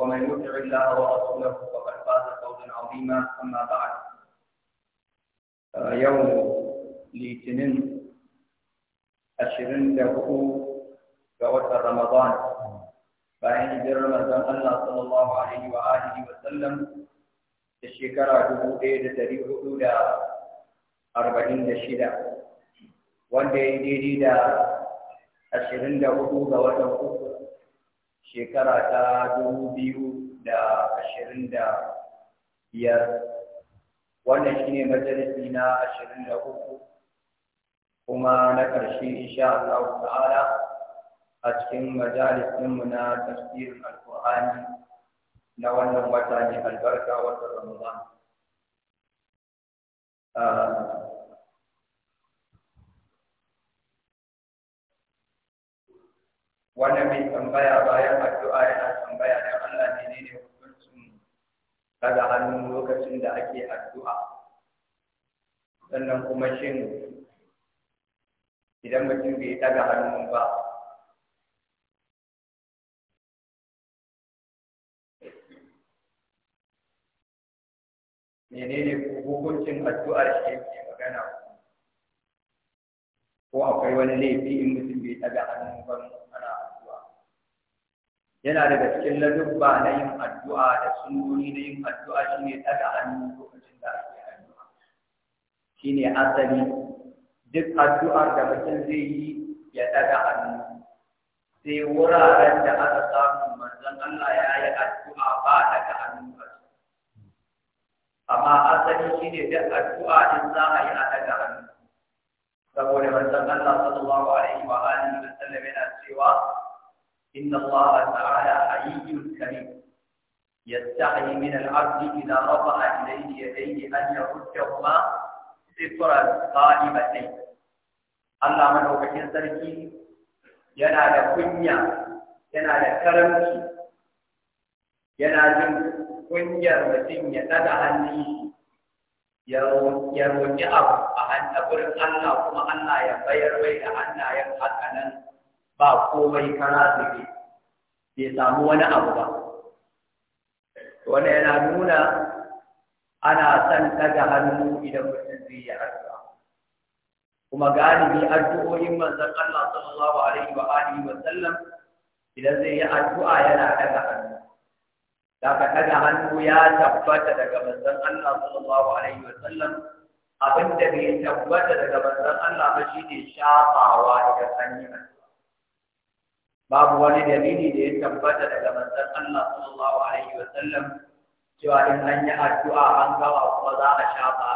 ومن يطع الله ورسوله فقد فاز فوزا عظيما اما بعد يوم litinin ashirin da hudu ga watan ramadan bayan hijirar manzon Allah sallallahu alaihi wa alihi da shekara dubu ɗaya da dari hudu da arba'in da shida wanda ya daidai da ashirin da hudu ga watan shekara ta dubu biyu da ashirin da biyar wannan shi ne majalisi na ashirin da uku kuma na ƙarshe insha Allah ta'ala a cikin majalisinmu na tafsirin alƙur'ani na wannan wata ne albarka wata ramadan ah, wannan mai tambaya bayan addu'a yana tambaya da Allah ne ne hukuncin daga hannu lokacin da ake addu'a sannan kuma shin idan mutum bai daga hannu ba menene hukuncin addu'ar shi ke magana ko akwai wani laifi in mutum bai daga hannu ba yana daga cikin ladubba na yin addu'a da sunoni na yin addu'a shine daga hannu lokacin da ake addu'a shine asali duk addu'ar da mutum zai yi ya daga hannu sai wuraren da aka samu manzon Allah ya yi addu'a ba daga hannu ba amma asali shi ne duk addu'a din za a yi a daga hannu saboda manzon Allah sallallahu alaihi wa alihi wa sallam yana cewa إن الله تعالى حيي كريم يستحي من العبد إذا رفع إليه يديه أن يردهما سترا قائمتين الله من هو كثير تركي ينا لكنيا ينا لكرمي ينا كنيا ومتين يتدعى لي يرون يرون يأب أن تقول الله ثم لا يبير ويدعى أن يبحث أنه ba komai kana suke bai samu wani abu ba wannan yana nuna ana son daga hannu idan mutum zai yi addu'a kuma galibi addu'o'in manzon Allah sallallahu alaihi wa alihi wa sallam idan zai yi addu'a yana daga hannu daga daga hannu ya tabbata daga manzon Allah sallallahu alaihi wa sallam abinda bai tabbata daga manzon Allah ba shine shafawa idan an yi addu'a babu wani dalili da ya tabbata daga manzon Allah sallallahu alaihi wa sallam cewa in an yi addu'a an gawa kuma za a shafa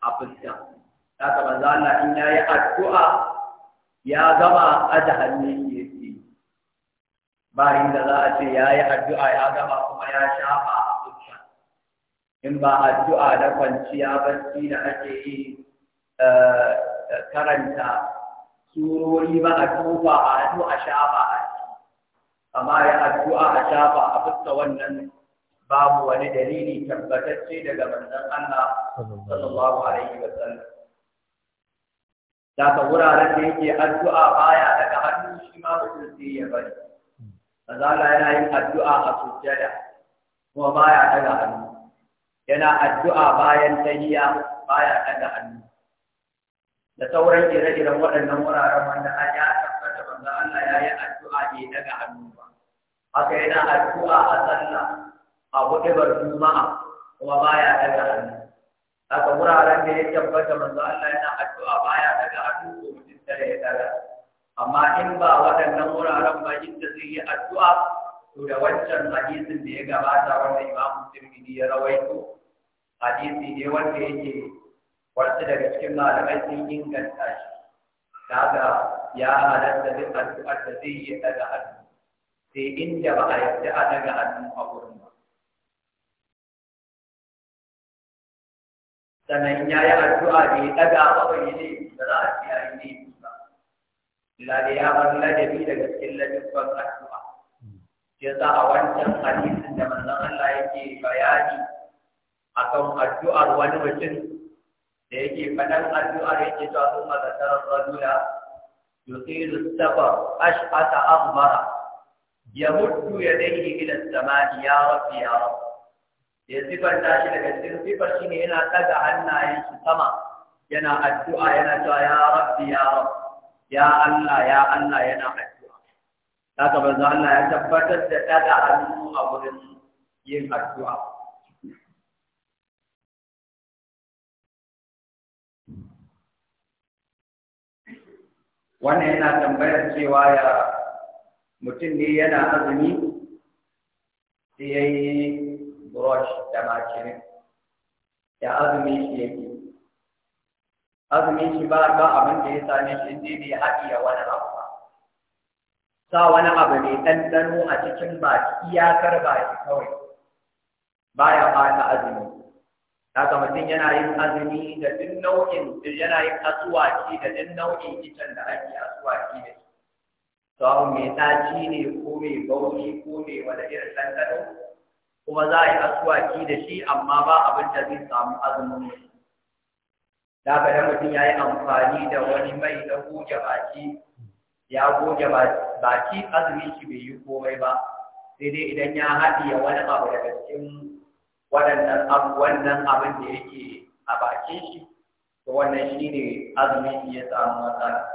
a fuska haka manzo Allah in ya yi addu'a ya gama aje hannun yake ba inda za a ce ya yi addu'a ya gama kuma ya shafa a fuska in ba addu'a na kwanciya barci da ake yi eh, karanta surori ba a tufa a hannu shafa a amma ya addu'a a shafa a fuska wannan babu wani dalili tabbatacce daga manzon Allah sallallahu alaihi wa sallam da wuraren da yake addu'a baya daga hannu shi ma mutum sai ya bari azala yana yin addu'a a sujjada kuma baya daga hannu yana addu'a bayan tahiyya baya daga hannu da sauran ire-iren waɗannan wuraren wanda an ya yi addu'a bai daga hannu ba haka yana addu'a a sallah a hudubar juma'a kuma baya daga hannu haka wuraren da ya tabbata manzo Allah yana addu'a baya daga hannu ko mutum tare ya daga amma in ba waɗannan wuraren ba inda zai yi addu'a to da wancan hadisin da ya gabata wanda Imam Tirmidhi ya rawaito hadisi ne wanda yake wasu daga cikin malamai sun inganta shi daga ya halatta duk addu'ar da zai yi daga hannu sai inda ba a yi a daga hannu a wurin ba sannan ya yi addu'a da ya daga ba ne da za a ce a yi ne ba lalai ya bar ladabi daga cikin ladabban addu'a ya za a wancan hadisin da manzon Allah yake bayani akan addu'ar wani mutum da yake faɗan addu'ar yake cewa sun mazakarar rajula يطيل السفر أشعث أغبر يمد يديه إلى السماء يا رب يا رب ya sifanta shi daga cikin sifar shi ne yana ɗaga hannayen shi sama yana addu'a yana cewa ya rabbi ya ya Allah ya Allah yana addu'a haka manzo Allah ya tabbatar da ɗaga hannu a wurin yin addu'a wannan yana tambayar cewa ya mutum ne yana azumi sai ya yi brush da makirin ya azumi shi ya yi azumi shi ba ba abin da ya same shi inda bai ya wani abu ba sa wani abu ne ɗanɗano a cikin baki iyakar baki kawai baya fata azumi haka mutum yana yin azumi da duk nau'in yana yin asuwaki da duk nau'in kicin da ake asuwaki da shi abu mai taci ne ko mai bauchi ko mai wani irin ɗanɗano kuma za a yi asuwaki da shi amma ba abin da zai samu azumin shi da mutum ya yi amfani da wani mai na goge baki ya goge baki azumin shi bai yi komai ba sai dai idan ya haɗiye wani abu daga cikin waɗannan wannan abin da yake a bakin shi to wannan shi ne azumin ya samu matsala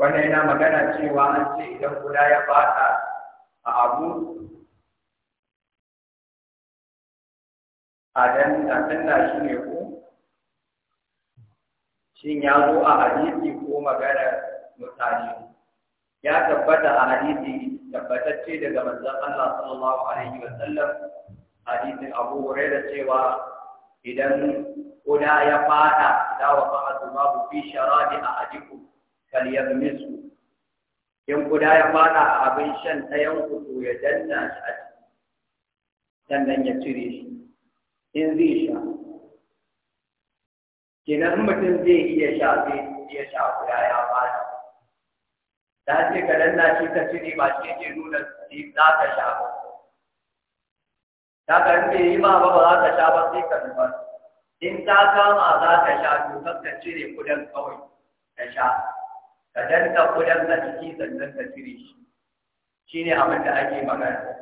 wannan yana magana cewa an ce idan guda ya fata a abu a dan tantan shi ne ko shin ya zo a hadisi ko magana mutane ya tabbata a hadisi tabbatacce daga manzon Allah sallallahu alaihi wa sallam hadisin Abu Hurairah cewa idan kuda ya fada da wa ba'du ma fi sharadi ahadikum falyamisu in kuda ya fada a abin shan ɗayan ku to ya danna shi a sannan ya cire shi in zai sha kenan mutum zai iya sha zai iya sha guda ya bada ta ce ka na shi ka cire ba shi ke nuna shi za ka sha ba ta kan bai yi ma ba ba za ka sha ba sai ka zubar in ta kama za ka sha to kan ka cire kudan kawai ka sha ka danna kudan a ciki sannan ka cire shi shine abin da ake magana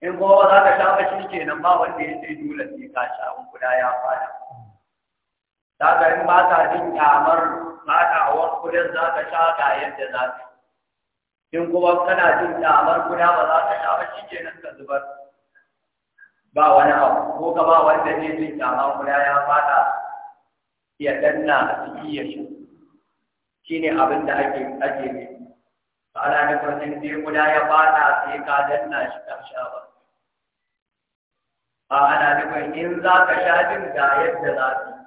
in kuma ba za ka sha ba shi kenan ba wanda ya ce dole sai ka sha in kuda ya fada za ka yi ba ka jin kyamar faɗawar kudin za ka sha ga yadda za ka in kuma kana jin kyamar guda ba za ka sha ba shi ke nan ka zubar ba wani abu ko ka ba wanda ne jin kyamar kuda ya fata ya danna a ciki ya shi shi ne abin da ake ake ne ba ana nufin in dai guda ya fata sai ka danna shi ka sha ba ba ana nufin in za ka sha jin ga yadda za ka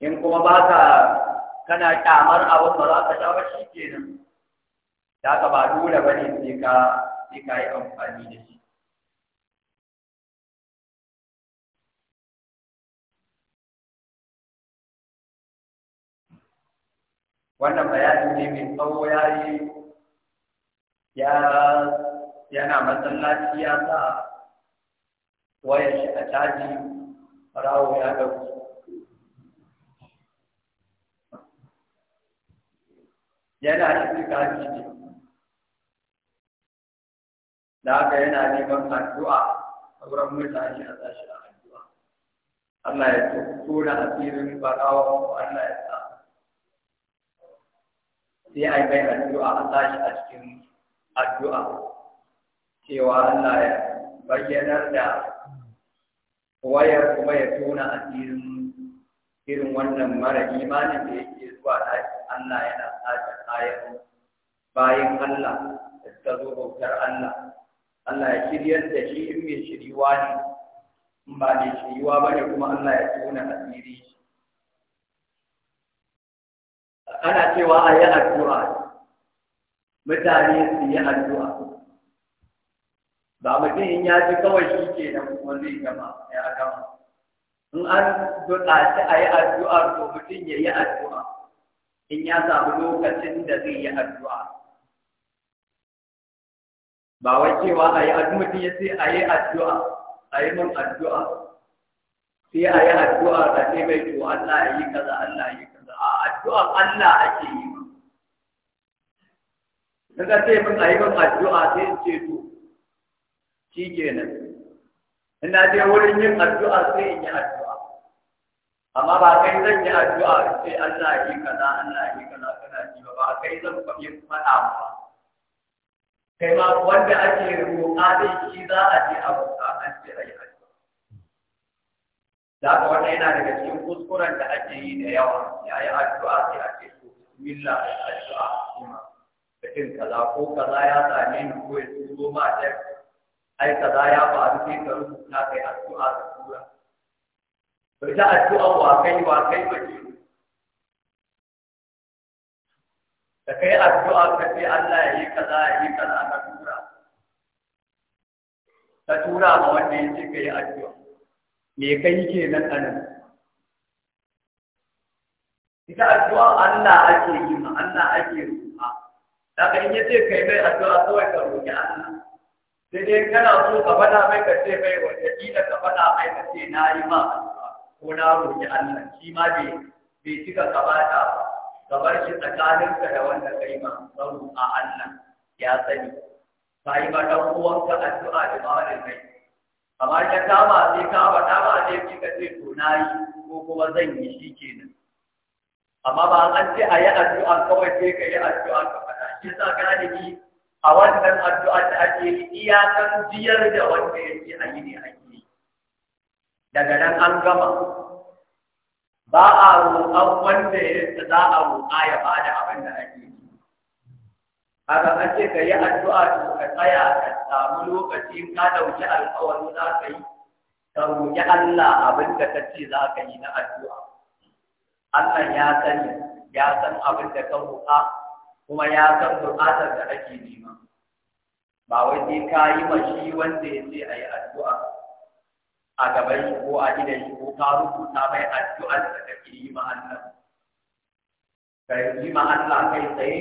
in kuma ba ka kana kyamar abin ba za ka sha ba shi kenan da ka ba dole ba ne sai ka sai ka yi amfani da shi wannan bayani ne mai tsawo ya yi ya yana masallaci ya sa wayar shi a caji rawo ya ɗauki yana shirka shi ne da aka yana neman addu'a a wurin mutane a tashi a addu'a Allah ya tura asirin barawa Allah ya sa sai ai mai addu'a a tashi a cikin addu'a cewa Allah ya bayyanar da wayar kuma ya tona asirin irin wannan mara imanin da yake zuwa ɗakin Allah yana sace kayan bayan Allah da suka zo bautar Allah Allah ya shiryar da shi in mai shiriwa ne in ba mai shiriwa ba ne kuma Allah ya tona asiri shi ana cewa a yi addu'a mutane su yi addu'a ba mutum in ya ji kawai shi ke nan kuma zai gama ya gama in an buƙaci a yi addu'a to mutum ya yi addu'a in ya samu lokacin da zai yi addu'a ba wai cewa a yi addu'a ya ce a yi addu'a a yi mun addu'a sai a yi addu'a da ce mai to Allah ya yi kaza Allah ya yi kaza a addu'a Allah ake yi ba daga ce mun a yi mun addu'a sai in ce to shi kenan ina je wurin yin addu'a sai in yi addu'a amma ba kai zan yi addu'a sai Allah yi kaza Allah yi kaza kana ji ba ba kai zan faɗi faɗa ba kai ma wanda ake roƙa dai shi za a je a roƙa an ce ayi addu'a da ka wannan yana daga cikin kuskuren da ake yi da yawa ya yi addu'a sai a ce to bismillah ayi addu'a kuma cikin kaza ko kaza ya same ni ko ya turo ma ai kaza ya faru sai ka rubuta kai addu'a da tura Ka ta addu'a wa kai wa kai mace. Da kai addu'a ka ce Allah ya yi kaza ya yi kaza ka tura. Ka tura ma wanda ya ce ka yi addu'a. Me kai ke nan a nan? Ita addu'a Allah ake yi ma Allah ake ruwa. Da ka in ya ce kai mai addu'a kawai ka roƙi Allah. Sai dai kana so ka faɗa mai ka ce mai wata ƙila ka faɗa mai ka ce na yi ma addu'a. ko na roƙi Allah shi ma bai bai cika kabata ba bar shi ka da wanda kai ma tsaro a Allah ya sani ka yi ma dan uwanka addu'a da ba kai kamar ka ba sai ka ta ba sai ka ce to na yi ko kuma zan yi shi kenan amma ba an ce a yi addu'a kawai sai ka yi addu'a ka faɗa shi sa ki a wannan addu'a da ake iyakan jiyar da wanda ya ce a yi ne a yi daga nan an gama ba a roƙon wanda ya za a roƙa ya ba da abin da ake yi haka an ce ka yi addu'a to ka tsaya ka samu lokaci ka ɗauki alƙawarin za ka yi ka roƙi Allah abin da ka ce za ka yi na addu'a Allah ya sani ya san abin da ka roƙa kuma ya san buƙatar da ake nema ba wai sai ka yi mashi wanda ya ce a yi addu'a a gaban shi ko a gidan shi ko ta rubuta mai addu'ar da kake yi ma Allah ka yi ma Allah kai tsaye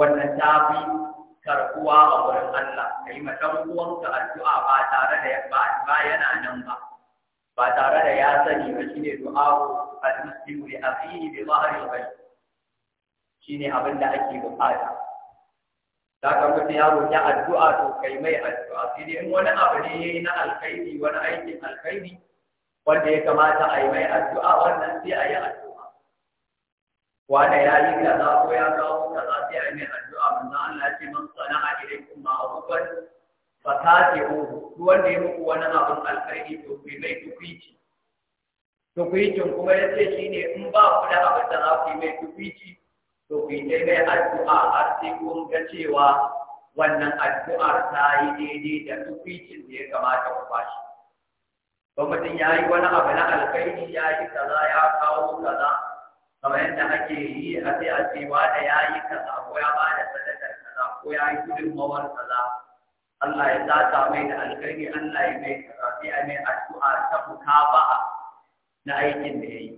wannan ta fi karkuwa a wurin Allah ka yi ma ɗan uwanka addu'a ba tare da ba yana nan ba ba tare da ya sani ba shine du'a al-muslimu li akhihi bi dhahri al Shi shine abin da ake bukata da ka mutu ya roƙi addu'a to kai mai addu'a sai dai in wani abu ne yayi na alkhairi wani aikin alkhairi wanda ya kamata a yi mai addu'a wannan sai a yi addu'a wanda ya yi kaza ko ya kawo kaza sai a yi mai addu'a manzo Allah ce man sana'a ilaikum ma'rufan fa tabi'u duk wanda ya muku wani abun alkhairi to kai mai tukuici tukuicin kuma yace shine in ba ku da abin da za ku yi mai tukuici to ku mai addu'a har sai kun ga cewa wannan addu'ar ta yi daidai da tukwicin da ya kamata ku bashi. Ba mutum ya yi wani abu na alkhairi ya yi kaza ya kawo kaza kamar yadda ake yi a sai a da ya yi kaza ko ya ba da sadakar kaza ko ya yi gudunmawar kaza. Allah ya zata mai da alkhairi Allah ya mai kaza sai a mai addu'a ta ba na aikin da ya yi.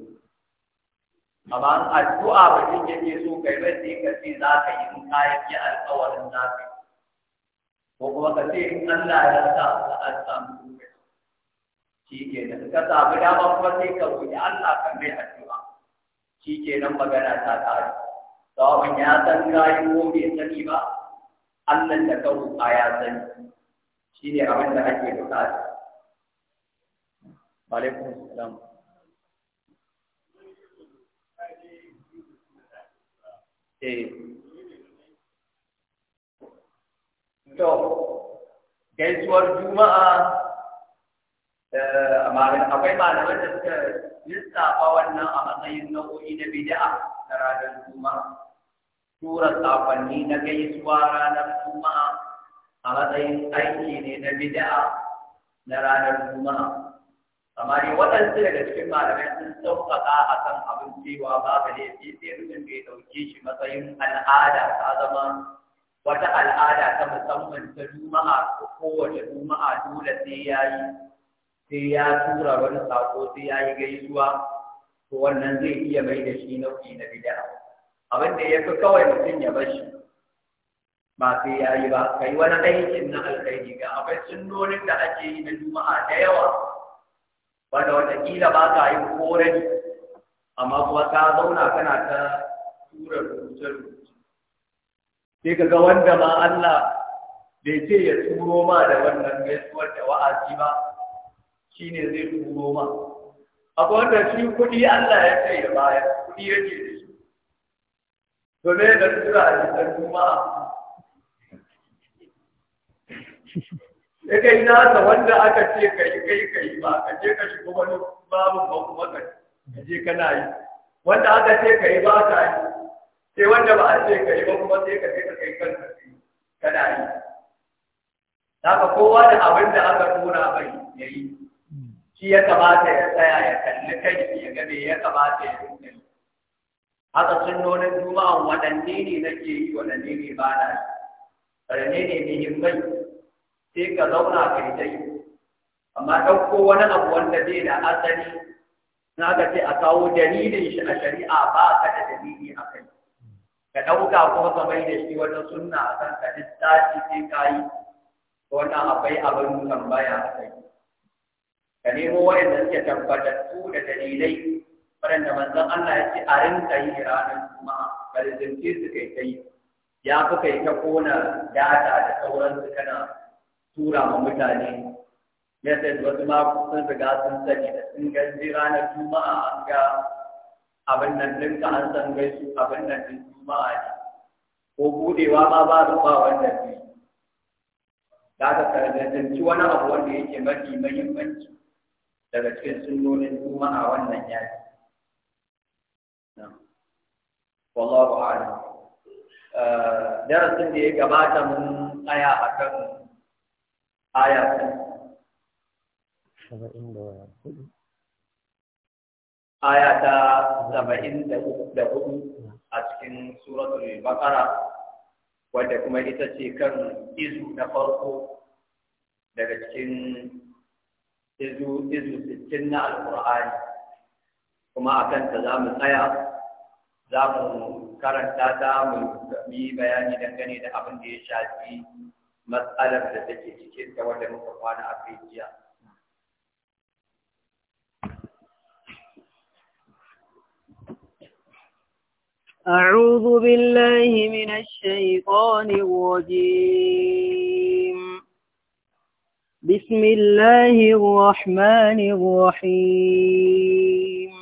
amma an addu'a mutum yake so kai mai sai ka ce za ka yi in ka yi alƙawarin za ka yi ko kuma ka ce in Allah ya sa ka an samu lokaci shi ke nan ka samu dama kuma sai ka roƙi Allah ka mai addu'a shi ke nan magana ta ƙare tsawon ya san gayi ko bai sani ba Allah da ka roƙa ya sani shi ne abin da ake buƙata. Alaikum salam. eh to gaisuwar juma'a eh, akwai malaman da suka lissafa wannan a matsayin nau'o'i na bid'a na ranar juma'a tura safanni na gaisuwa ranar juma'a a matsayin aiki ne na bid'a na ranar juma'a amma ne waɗansu daga cikin malamai sun sauƙaƙa a kan abin cewa ba ka ne sai sai mutum bai ɗauke shi matsayin al'ada ta zama wata al'ada ta musamman ta juma'a ko kowace juma'a dole sai ya yi sai ya tura wani sako sai ya yi gaisuwa to wannan zai iya mai da shi nau'i na bid'a abin da ya fi kawai mutum ya bar shi ba sai ya yi ba kai wani aikin na alkhairi ga abincin nonin da ake yi na juma'a da yawa wanda watakila ba ka yin korani amma kuma ka zauna kana ta tura rubuce-rubuce sai ka ga wanda ma Allah bai ce ya turo ma da wannan gaisuwar da wa'azi ba shi ne zai turo ma akwai wanda shi kuɗi Allah ya ce ya bayar kuɗi ya ce da shi domin da tura a jikin kuma. ya kai nasa wanda aka ce ka yi kai ka yi ba ka je ka shigo wani babu ba kuma ka je kana yi wanda aka ce ka yi ba ka yi sai wanda ba a ce ka yi ba kuma sai ka je ka kai kanka kana yi haka kowa da abin da aka tura bai ya yi shi ya kamata ya tsaya ya kalli kai ya game ya kamata ya rinka yi haka sunnonin juma'a waɗanne ne nake yi waɗanne ne ba na yi waɗanne ne muhimmai sai ka zauna kai dai amma ɗauko wani abu wanda zai da asali na ga sai a kawo dalilin shi a shari'a ba ka da dalili a kai ka ɗauka kuma ka mai da shi wata sunna a kan ka littafi sai ka yi wannan akwai abin tambaya a kai ka nemo waɗanda suke tabbatattu da dalilai waɗanda manzon Allah ya ce a rinka yi ranar juma'a ka rizimce su kai kai ya fi kai ta kona data da sauransu kana tura ma mutane ya da wasu makusan sun riga sun sani da sun ganji ranar juma'a an ga abin nan ka an san su abin nan ɗin juma'a ne ko budewa ma ba da ba wannan ne za ka karnatanci wani abu wanda yake mafi mahimmanci daga cikin sunnonin juma'a wannan ya ce wallahu a'lam eh, darasin da ya gabata mun tsaya akan aya aya saba'in da hudu a cikin suratul bakara wadda kuma ita ce kan izu na farko daga cikin izu izu sittin na alkur'ani kuma a kanta za mu tsaya za mu karanta ta mu yi bayani dangane da abin da ya shafi matsalar da take cikin da wanda muka kwana a أعوذ بالله من الشيطان الرجيم بسم الله الرحمن الرحيم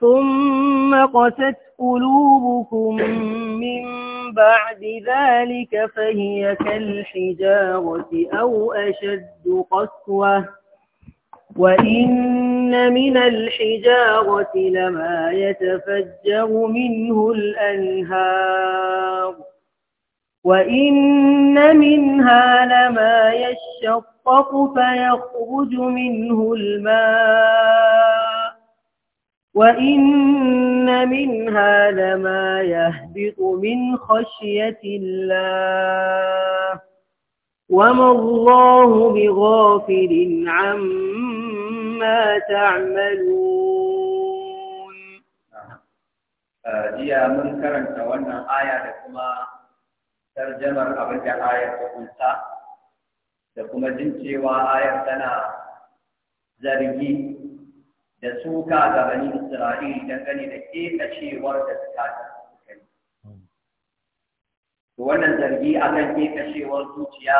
ثم قست قلوبكم من بعد ذلك فهي كالحجارة أو أشد قسوة وإن من الحجارة لما يتفجر منه الأنهار وإن منها لما يشطق فيخرج منه الماء وإن منها لما يهبط من خشية الله وما الله بغافل عما تعملون هي آه، منكرا تولنا آية لكما ترجمة أبدا آية تقلتا لكما جنتي وآية تنا زرقين da suka ga bani Isra'ila dangane da kekacewar da suka yi. To wannan zargi akan kekacewar zuciya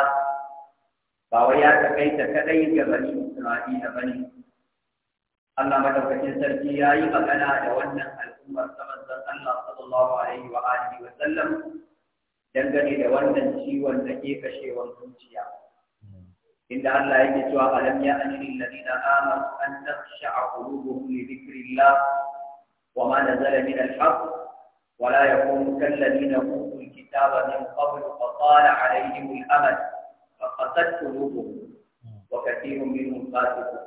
ba wai ya ta kadai ga bani Isra'ila bane. Allah madaukakin sarki ya yi magana da wannan al'ummar ta manzon Allah sallallahu alaihi wa alihi wa sallam dangane da wannan ciwon da kekacewar zuciya. inda Allah yake cewa alam ya anil ladina amanu an takhsha'a qulubuhum li dhikrillah wa ma nazala min al-haqq wa la yakunu kal ladina utul kitaba min qabl fa tala alayhim al-amad fa qasat qulubuhum wa kathirun minhum fasiqun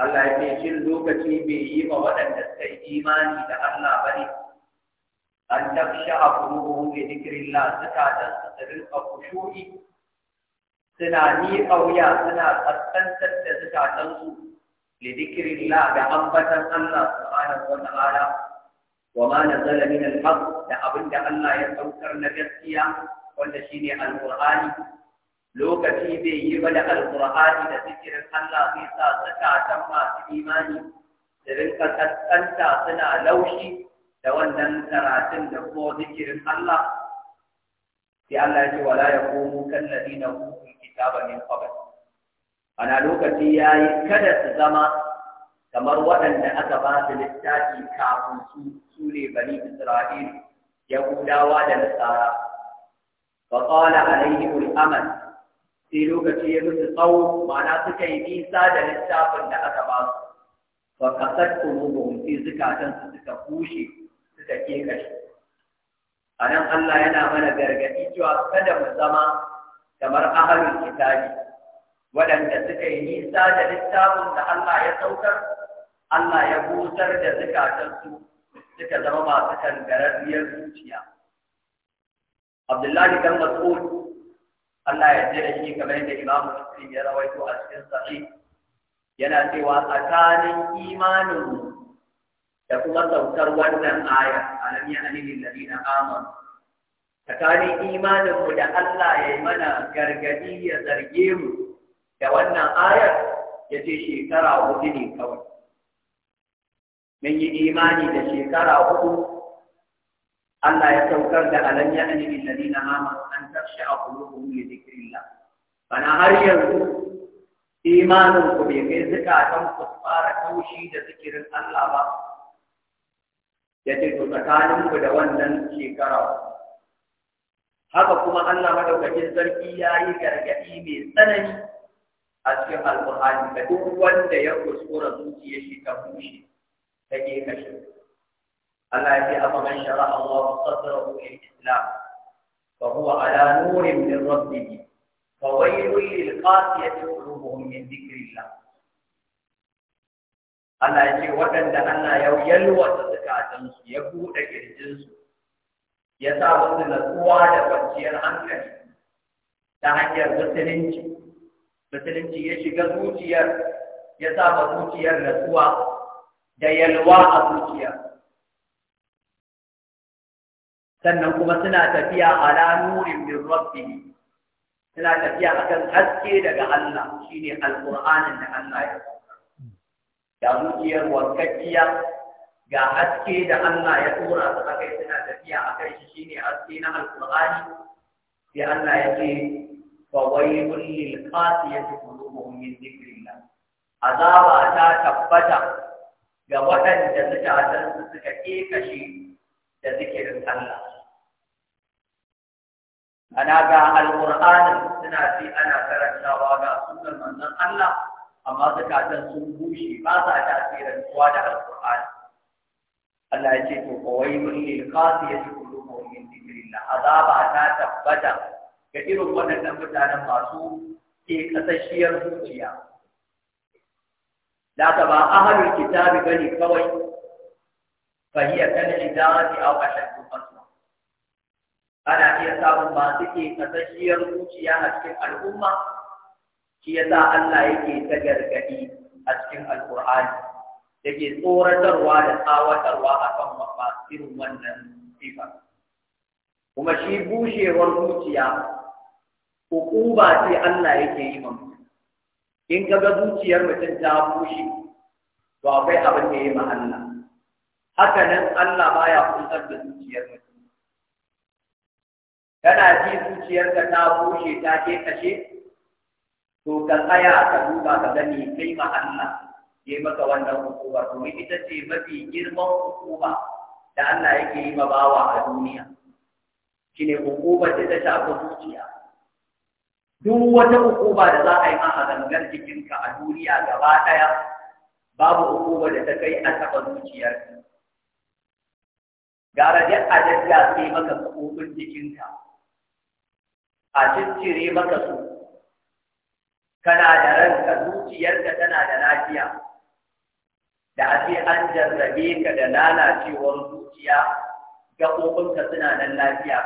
Allah yake shin lokaci bai yi ma waɗanda sai yi imani da Allah bane an takhsha'a qulubuhum li dhikrillah zakatan rinka khushu'i suna ni auya suna kaskantar da zukatansu lidikrillah da ambatan Allah subhanahu wa ta'ala wa ma nazala min al-haq da abinda Allah ya saukar na gaskiya wanda shine al-Qur'ani lokaci bai yi ba da al-Qur'ani da zikirin Allah zai sa zakatan masu imani da rinka kaskanta suna laushi da wannan karatun da kuma zikirin Allah sai Allah ya ce wala yaqumu kallazina kitaba min qabl ana lokaci yayi kada su zama kamar waɗanda aka ba su littafi kafin su su ne bani Isra'il Yahudawa da Nasara fa qala alaihim al-amal sai lokaci ya musu tsawo ma'ana suka yi nisa da littafin da aka ba su fa kasat qulubuhum fi zikatan su suka kushe suka A anan Allah yana mana gargadi cewa kada mu zama kamar ahalin kitabi waɗanda suka yi nisa da littafin da Allah ya saukar Allah ya busar da zukatansu suka zama masu kangararriyar zuciya Abdullahi dan Mas'ud Allah ya jira shi kamar yadda Imam Muslim ya rawaito a cikin sahih yana cewa tsakanin imanin da kuma saukar wannan aya alam ya anil ladina amanu tsakanin imaninmu da Allah ya mana gargadi ya zarge mu da wannan ayar ya ce shekara hudu ne kawai. Mun yi imani da shekara hudu Allah ya saukar da alam ya ani bil na amanu an kuma ya li la. Bana har yanzu imanin ku bai kai kan ku fara taushi da zikirin Allah ba. Ya ce to tsakaninku da wannan shekara haka kuma Allah madaukakin sarki ya yi gargaɗi mai tsanani a cikin alƙur'ani da duk wanda ya kuskura zuciya shi ta bushe ta ke kashe Allah ya ce a man shara'a Allah sadrahu lil Islam fa huwa ala nurin min rabbih fa waylun lil qasiyati qulubuhum min dhikrillah Allah ya ce waɗanda Allah ya yalwata zakatansu ya buɗe kirjinsu ya sa natsuwa da kwanciyar hankali ta hanyar musulunci musulunci ya shiga zuciyar ya sa ba zuciyar natsuwa da yalwa a zuciya sannan kuma suna tafiya a ranurin min rabbi suna tafiya a kan haske daga Allah shine alqur'anin da Allah ya da zuciyar wankakkiya ga haske da Allah ya tura su a kai suna tafiya a kai shi shine haske na Al-Qur'ani, sai Allah ya ce fa waylun lil qasiyati qulubuhum min dhikrillah azaba ta tabbata ga waɗanda zukatan su suka kekashe da zikirin Allah ana ga Al-Qur'ani suna ji ana karantawa ga sunan manzon Allah amma zukatan sun bushe ba sa tasirantuwa da qurani Allah ya ce to qawailul lil qasiyati qulubuhum min dhikrillah azaba ta tabbata ga irin waɗannan mutanen masu ke kasashiyar zuciya da ka ba ahlul kitabi bane kawai fa hiya kal idarati aw ashaddu qaswa ana iya samun masu ke kasashiyar zuciya a cikin al'umma shi yasa Allah yake ta gargadi a cikin alqur'ani da ke tsoratarwa da tsawatarwa a kan wannan sifa. Kuma shi bushewar zuciya, ba ce Allah yake yi ma In ka ga zuciyar mutum ta bushe, to akwai abin da ya yi Haka nan Allah baya kusar da zuciyar mutum. Kana ji zuciyarka ta bushe ta ke kashe, to ka tsaya ka duba ka gani kai ma yi maka wannan hukuma domin ita ce mafi girman hukuma da Allah yake yi ma bawa a duniya ne hukuma da ta shafi zuciya duk wata hukuma da za a yi ma a gangar jikinka a duniya gaba ɗaya babu hukuma da ta kai an taɓa zuciyar gara dai a sai maka hukumin jikinka a ciccire maka su kana da ranka zuciyarka tana da lafiya da ake an jarrabe ka da lalacewar zuciya gaɓoɓinka suna nan lafiya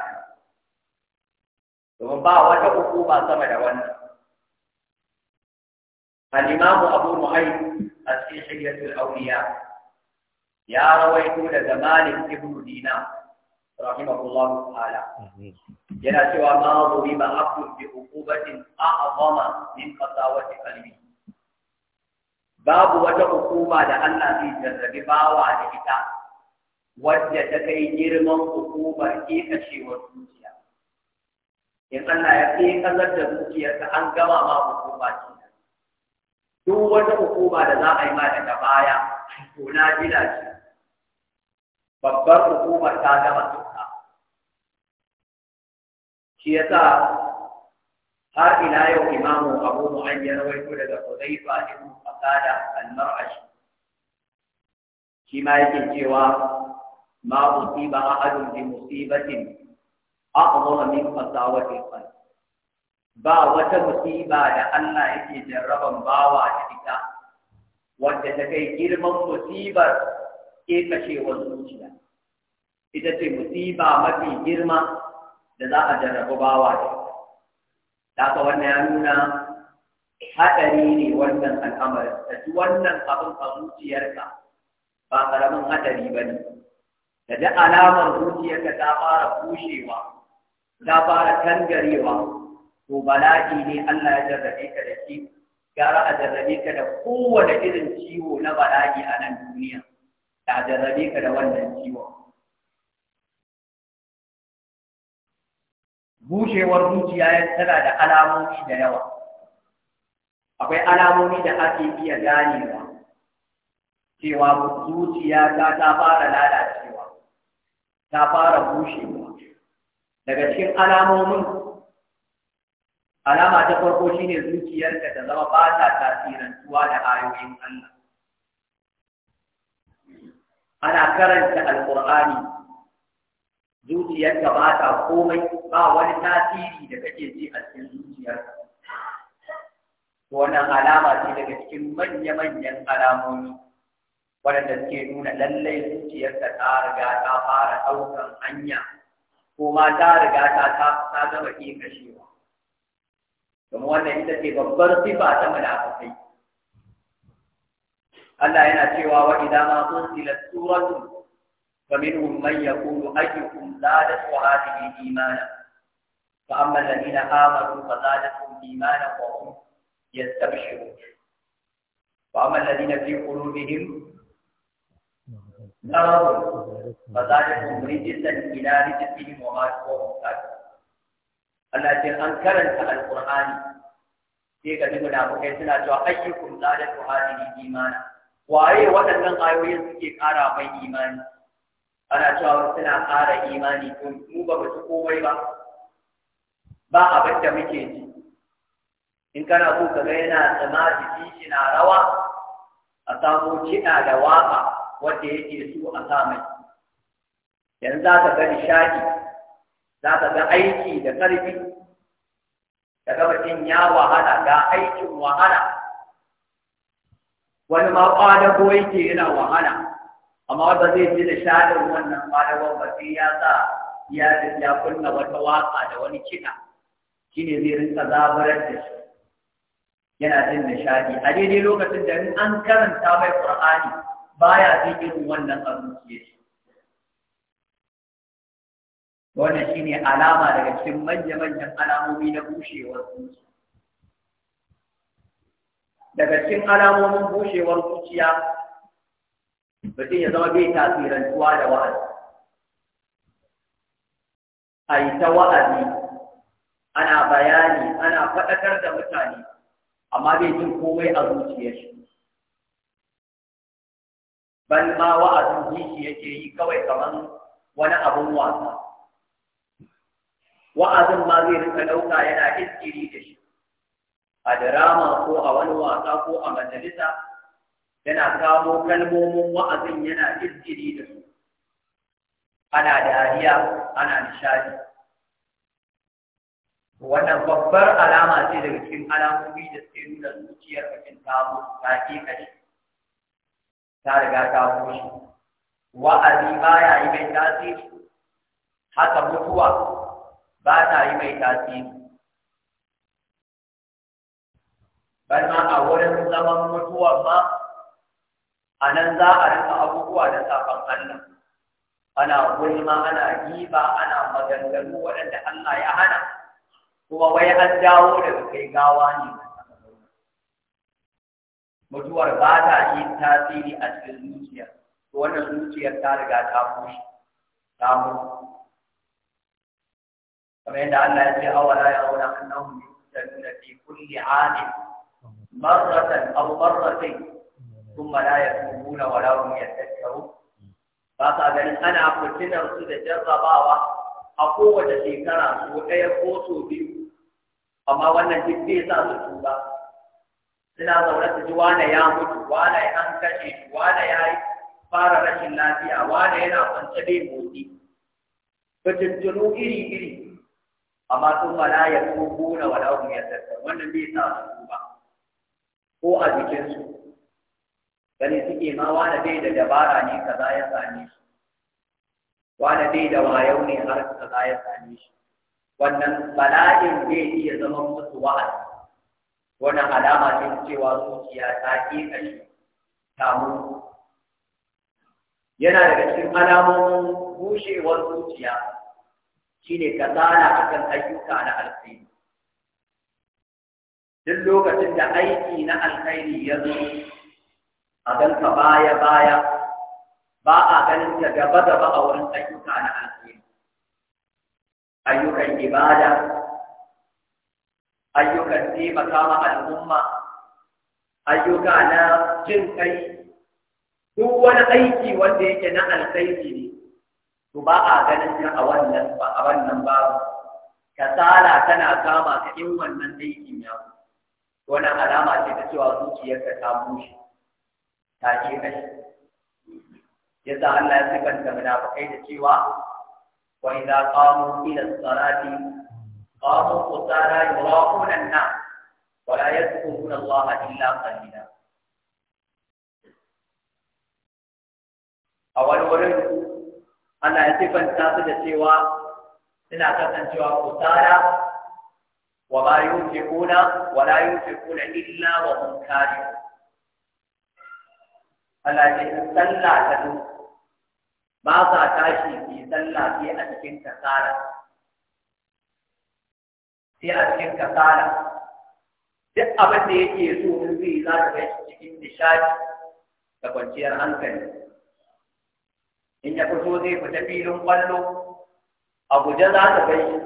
domin ba wata uku ba sama da wannan الإمام أبو نعيم السيحية الأولياء يا رويت لجمال ابن دينار rahimahullahu ta'ala mhm. yana cewa ma zuriba abdun bi uqubatin a'zama min qasawati qalbi babu wata hukuma da Allah zai jarrabi bawa da ita wadda ta kai girman hukumar kekacewar zuciya in Allah ya kai kazar da zuciyarka an gama ma hukuma ce duk wata hukuma da za a yi ma daga baya to na gida ce babbar hukumar ta gama shi yasa har ila yau imamu abu mu'ayyan rawaito daga hudayfa ibn qatada al-mar'ashi shi ma yake cewa ma musiba a ahadun bi musibatin a'zama min qasawati qalb ba wata musiba da Allah yake jarraban bawa da ita wanda ta kai girman musibar ke kashewar zuciya ita ce musiba mafi girma da za a jarraba bawa da daga wannan ya nuna haɗari ne wannan al'amari. da ji wannan abin a zuciyarka ba ƙaramin haɗari ba ne da ji alamar zuciyarka ta fara bushewa ta fara tangarewa to bala'i ne Allah ya jarrabe ka da shi gara a jarrabe ka da kowane irin ciwo na bala'i a nan duniya da jarrabe ka da wannan ciwon bushewar zuciya tana da alamomi da yawa akwai alamomi da ake iya ganewa cewa zuciya ta ta fara lalacewa ta fara bushewa daga cikin alamomin alama ta farko ne zuciyarka ta zama ba ta tasirantuwa da ayoyin Allah ana karanta Alƙur'ani. Zuciyarta ba ta komai ba wani tasiri da kake ji a cikin zuciyar. wannan alama ce daga cikin manya-manyan alamomi waɗanda suke nuna lallai zuciyarka ta riga ta fara ɗaukan hanya ko ma ta riga ta ta gama ke kashewa kuma wannan ita ce babbar sifa ta munafikai Allah yana cewa wa idan ma unzilat suratun فمنهم من يقول أيكم زادت هذه إيمانا فأما الذين آمنوا فزادتهم إيمانا وهم يستبشرون وأما الذين في قلوبهم نار فزادتهم رجسا إلى رجسهم وماتوا وهم التي أنكرت على القرآن ديك ديكنا أبو كيسنا جو أيكم زادت هذه إيمانا وأي وطن من قايوين سكي كارا إيمانا ana cewa suna ƙara imani to mu ba mu ci komai ba ba abin da muke ji in kana so ka ga yana tsama jiki rawa a samu kiɗa da waƙa wanda yake so a sa mai yanzu za ka ga nishaɗi za ka ga aiki da ƙarfi da mutum ya wahala ga aikin wahala wani ma ko yake yana wahala amma ba zai ji da shaɗin wannan malawar ba sai ya sa ya ya kunna wata waka da wani kiɗa ne zai rinka zabarar da shi yana jin nishaɗi a daidai lokacin da ni an karanta mai ƙur'ani baya jin irin wannan abu ya shi wannan shine alama daga cikin manya-manyan alamomi na bushewar zuciya daga cikin alamomin bushewar zuciya mutum ya zama bai tasirantuwa da wa'azi a yi ta wa'azi ana bayani ana faɗakar da mutane amma bai jin komai a zuciyar shi ban ma wa'azin jishi yake yi kawai kamar wani abun wasa wa'azin ma zai rika ɗauka yana iskiri da shi a dirama ko a wani wasa ko a majalisa yana kawo kalmomin wa'azin yana kirkiri da su ana dariya ana nishadi wannan babbar alama ce daga cikin alamomi da suke nuna zuciyar bakin ta ta ke ta riga ta bushe wa'azi ba ya yi mai tasiri haka mutuwa ba ta yi mai tasiri Ban ma a wurin zaman mutuwa ma Anan za a rika abubuwa da safan Allah ana gulma ana giba ana maganganu waɗanda Allah ya hana kuma wai an dawo daga kai gawa ne mutuwar ba ta yi tasiri a cikin zuciya to wannan zuciyar ta riga ta kushe ta mutu kamar yadda Allah ya ce awala ya aula annahum yusalluna fi kulli 'amin marratan aw marratayn ثم لا يتوبون ولا ya tattaru ba sa ganin ana fitinar su da jarrabawa a kowace shekara su ɗaya ko so biyu amma wannan duk zai sa su tuba suna zaune su ji wane ya mutu wane an kashe shi wane ya yi fara rashin lafiya wane yana kwance bai motsi fitintunu iri iri amma sun mala ya tubu na wala ya tattaru wannan bai sa su tuba ko a jikinsu Sani suke ma wane dai da dabara ne kaza ya same shi wane dai da wayau ne har kaza ya same shi wannan bala'in zai iya zama musu wa'azi wani alama ce cewa zuciya ta ke kashi ta mutu yana daga cikin alamomin bushewar zuciya shine kasala akan ayyuka na alkhairi duk lokacin da aiki na alkhairi ya zo a ganka baya baya ba a ganin ka gaba gaba a wurin ayyuka na alheri ayyukan ibada ayyukan taimaka ma al'umma ayyuka na jin kai duk wani aiki wanda yake na alkhairi ne to ba a ganin ka a wannan ba a wannan babu kasala tana kama ka in wannan aikin ya wani alama ce ta cewa zuciyarka ta bushe kafirai yadda Allah ya sifanta munafikai da cewa wa idza qamu ila salati qamu qutara yuraquna an-nas wa la yadhkuruna Allah illa qalila a wani wurin Allah ya sifanta su da cewa suna kasancewa qutara wa ma yunfiquna wa la yunfiquna illa wa hum karihun Allah ce sallah ta zo ba sa tashi ki sallah ke a cikin kasara, sai a cikin kasara. duk abin da yake so in zai za ka gaishe cikin nishadi da kwanciyar hankali in ya fito zai fita filin kwallo a guje za ka gaishe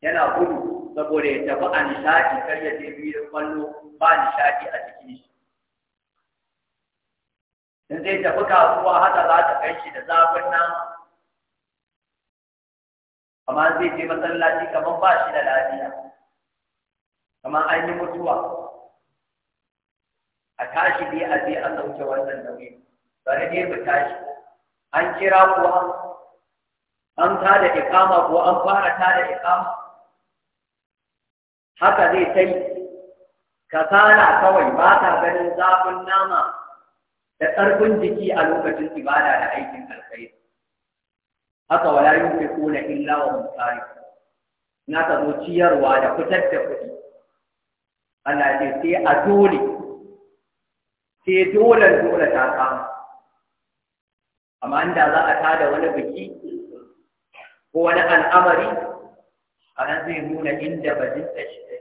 yana gudu saboda ya tafi a nishadi kar ya je filin kwallo ba nishadi a cikin shi in zai tafi kasuwa haka za ta kai shi da zafin nan amma zai je masallaci kamar ba shi da lafiya kamar an yi mutuwa a tashi dai a je a sauke wannan nauyi bari ne mu tashi an kira kuwa an tada ikama ko an fara tada ikama haka zai Ka kasala kawai ba ta ganin zafin nama da ƙarfin jiki a lokacin ibada da aikin alkhairi haka wala yunfiquna illa wa hum na ta zo ciyarwa da fitar da kuɗi Allah ce sai a dole sai dole dole ta kama amma inda za a tada wani biki ko wani al'amari a nan zai nuna inda ba ta shi shi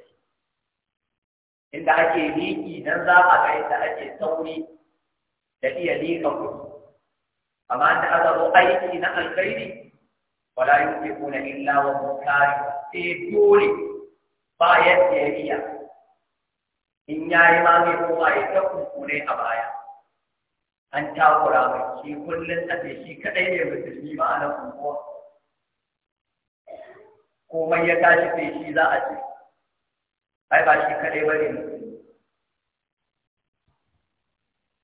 inda ake liƙi nan za a ga yadda ake sauri da iya liƙa ku. amma da aka zo aiki na alkhairi wala yunfiquna illa wa hum karihun E eh, dole ba ya iya in yayi ma mai kowa ya ta kunkune a baya an takura mai shi kullum a ce shi kadai ne musulmi ba na nan kunkuwa komai ya tashi sai shi za a ce ai ba shi kadai ba ne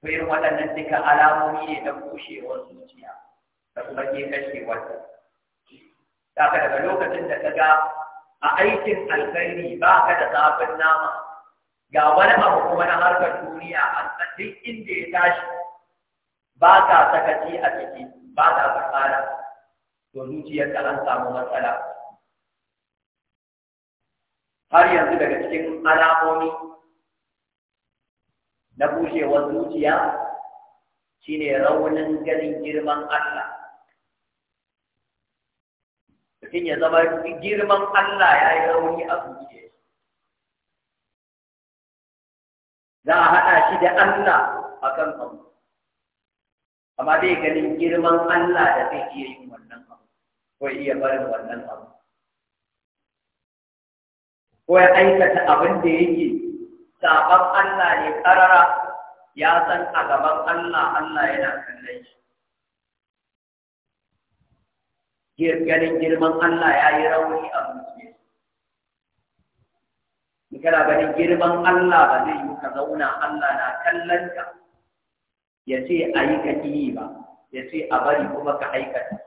to irin waɗannan duka alamomi ne na bushewar zuciya da kuma ke kashewar ta daga daga lokacin da ka ga a aikin alkhairi ba ka da zafin nama ga wani abu kuma na harkar duniya a duk inda ya tashi ba ka sakaci a ciki ba ka tsara to zuciyarka an samu matsala har yanzu daga cikin alamomi na bushewar zuciya shine raunin ganin girman Allah mutum ya zama girman Allah ya yi rauni a zuciya za a haɗa shi da Allah a kan abu amma dai ganin girman Allah da zai iya yin wannan abu ko iya barin wannan abu ko ya aikata abin da yake Sabon Allah ne karara ya san a gaban Allah Allah yana kallon shi ganin girman Allah ya yi rauni a zuciya in kana ganin girman Allah ba zai yi ka zauna Allah na kallon ka ya ce a yi ka yi ba ya ce a bari kuma ka aikata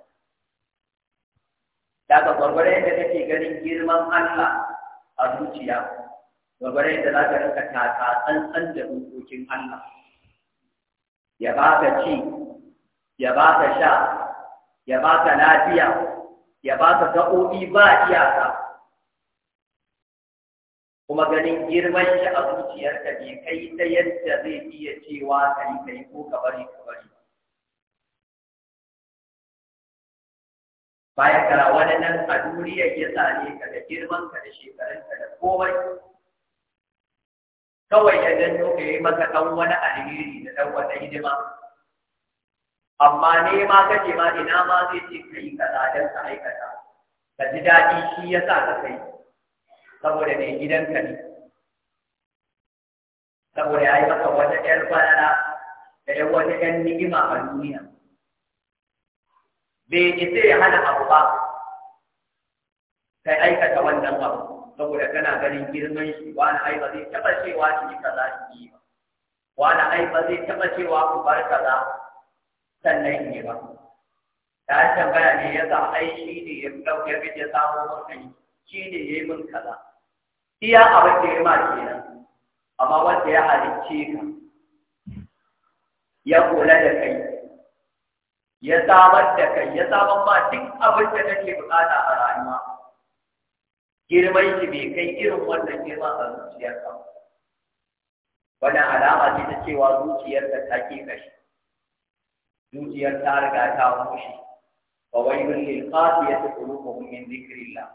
daga gwagwarai da take ganin girman Allah a zuciya gabarai da za ka rika taka tsantsan da dokokin Allah ya ba ka ci ya ba ka sha ya ba ka lafiya ya ba ka gaɓoɓi ba iyaka kuma ganin girman shi a zuciyarka ne kai ta yadda zai iya cewa kai kai ko ka bari ka bari bayan kara wani nan a duniyar ya ne ka da girman ka da shekarun ka da komai kawai ya janyo ka yi maka ɗan wani alheri da ɗan wata hidima amma ne ma kake ma ina ma zai ce ka yi kaza don ka aikata ka ji daɗi shi ya sa ka kai saboda mai gidanka ne saboda ya yi maka wata ƴar kwanana da ƴan wata ƴan ni'ima a duniya bai isa ya hana abu ba sai aikata wannan abu saboda kana ganin girman shi wani ai ba zai taba cewa shi kaza shi yi ba wani ai ba zai taba cewa ku bar kaza sannan yi ba ta tambaya ne ya sa ai shi ne ya fi ɗauke bi samu samun kai shi ne ya yi mun kaza iya abin da ya ma kenan amma wanda ya halicce ka ya kula da kai ya samar da kai ya samar ma duk abin da kake bukata a rayuwa girman shi bai kai irin wannan girma a zuciyarka Wani alama ce ta cewa zuciyarka ta ke kashi zuciyar ta riga ta mushi fa waylun lil qasiyati qulubuhum min dhikrillah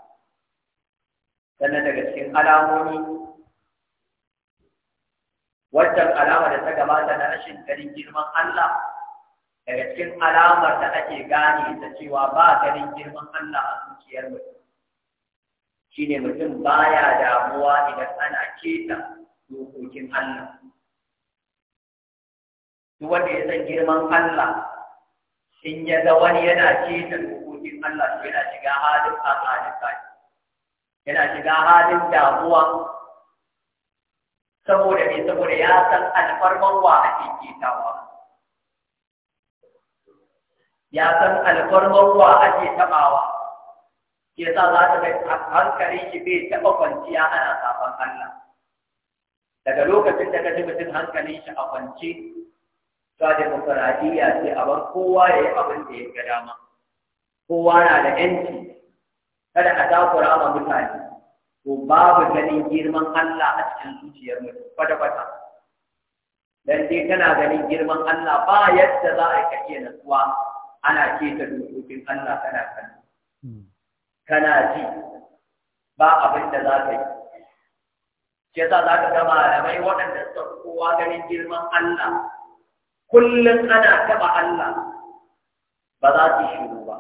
sannan daga cikin alamomi wannan alama da ta gabata na rashin ganin girman Allah daga cikin alamar da ake gane ta cewa ba ganin girman Allah a zuciyar mutum shine mutum baya damuwa idan ana keta dokokin Allah duk wanda ya san girman Allah in ya ga wani yana keta dokokin Allah to yana shiga halin halin yana shiga halin damuwa saboda ne saboda ya san alfarman wa ake ketawa ya san alfarman wa ake tabawa ke sa za ta bai hankali shi bai taɓa kwanciya ana safan Allah daga lokacin da ka ji mutum hankali shi a kwance ta sai a bar kowa ya yi abin da ya ga dama kowa na da yanci kada a takura ma mutane ko babu ganin girman Allah a cikin zuciyar mutum kwata-kwata dan dai kana ganin girman Allah ba yadda za a ka iya natsuwa ana keta ta dokokin Allah kana kallo kana ji ba abin da za ka yi shi yasa za ka ga alamai waɗanda suka kowa ganin girman Allah kullum ana taɓa Allah ba za su shiru ba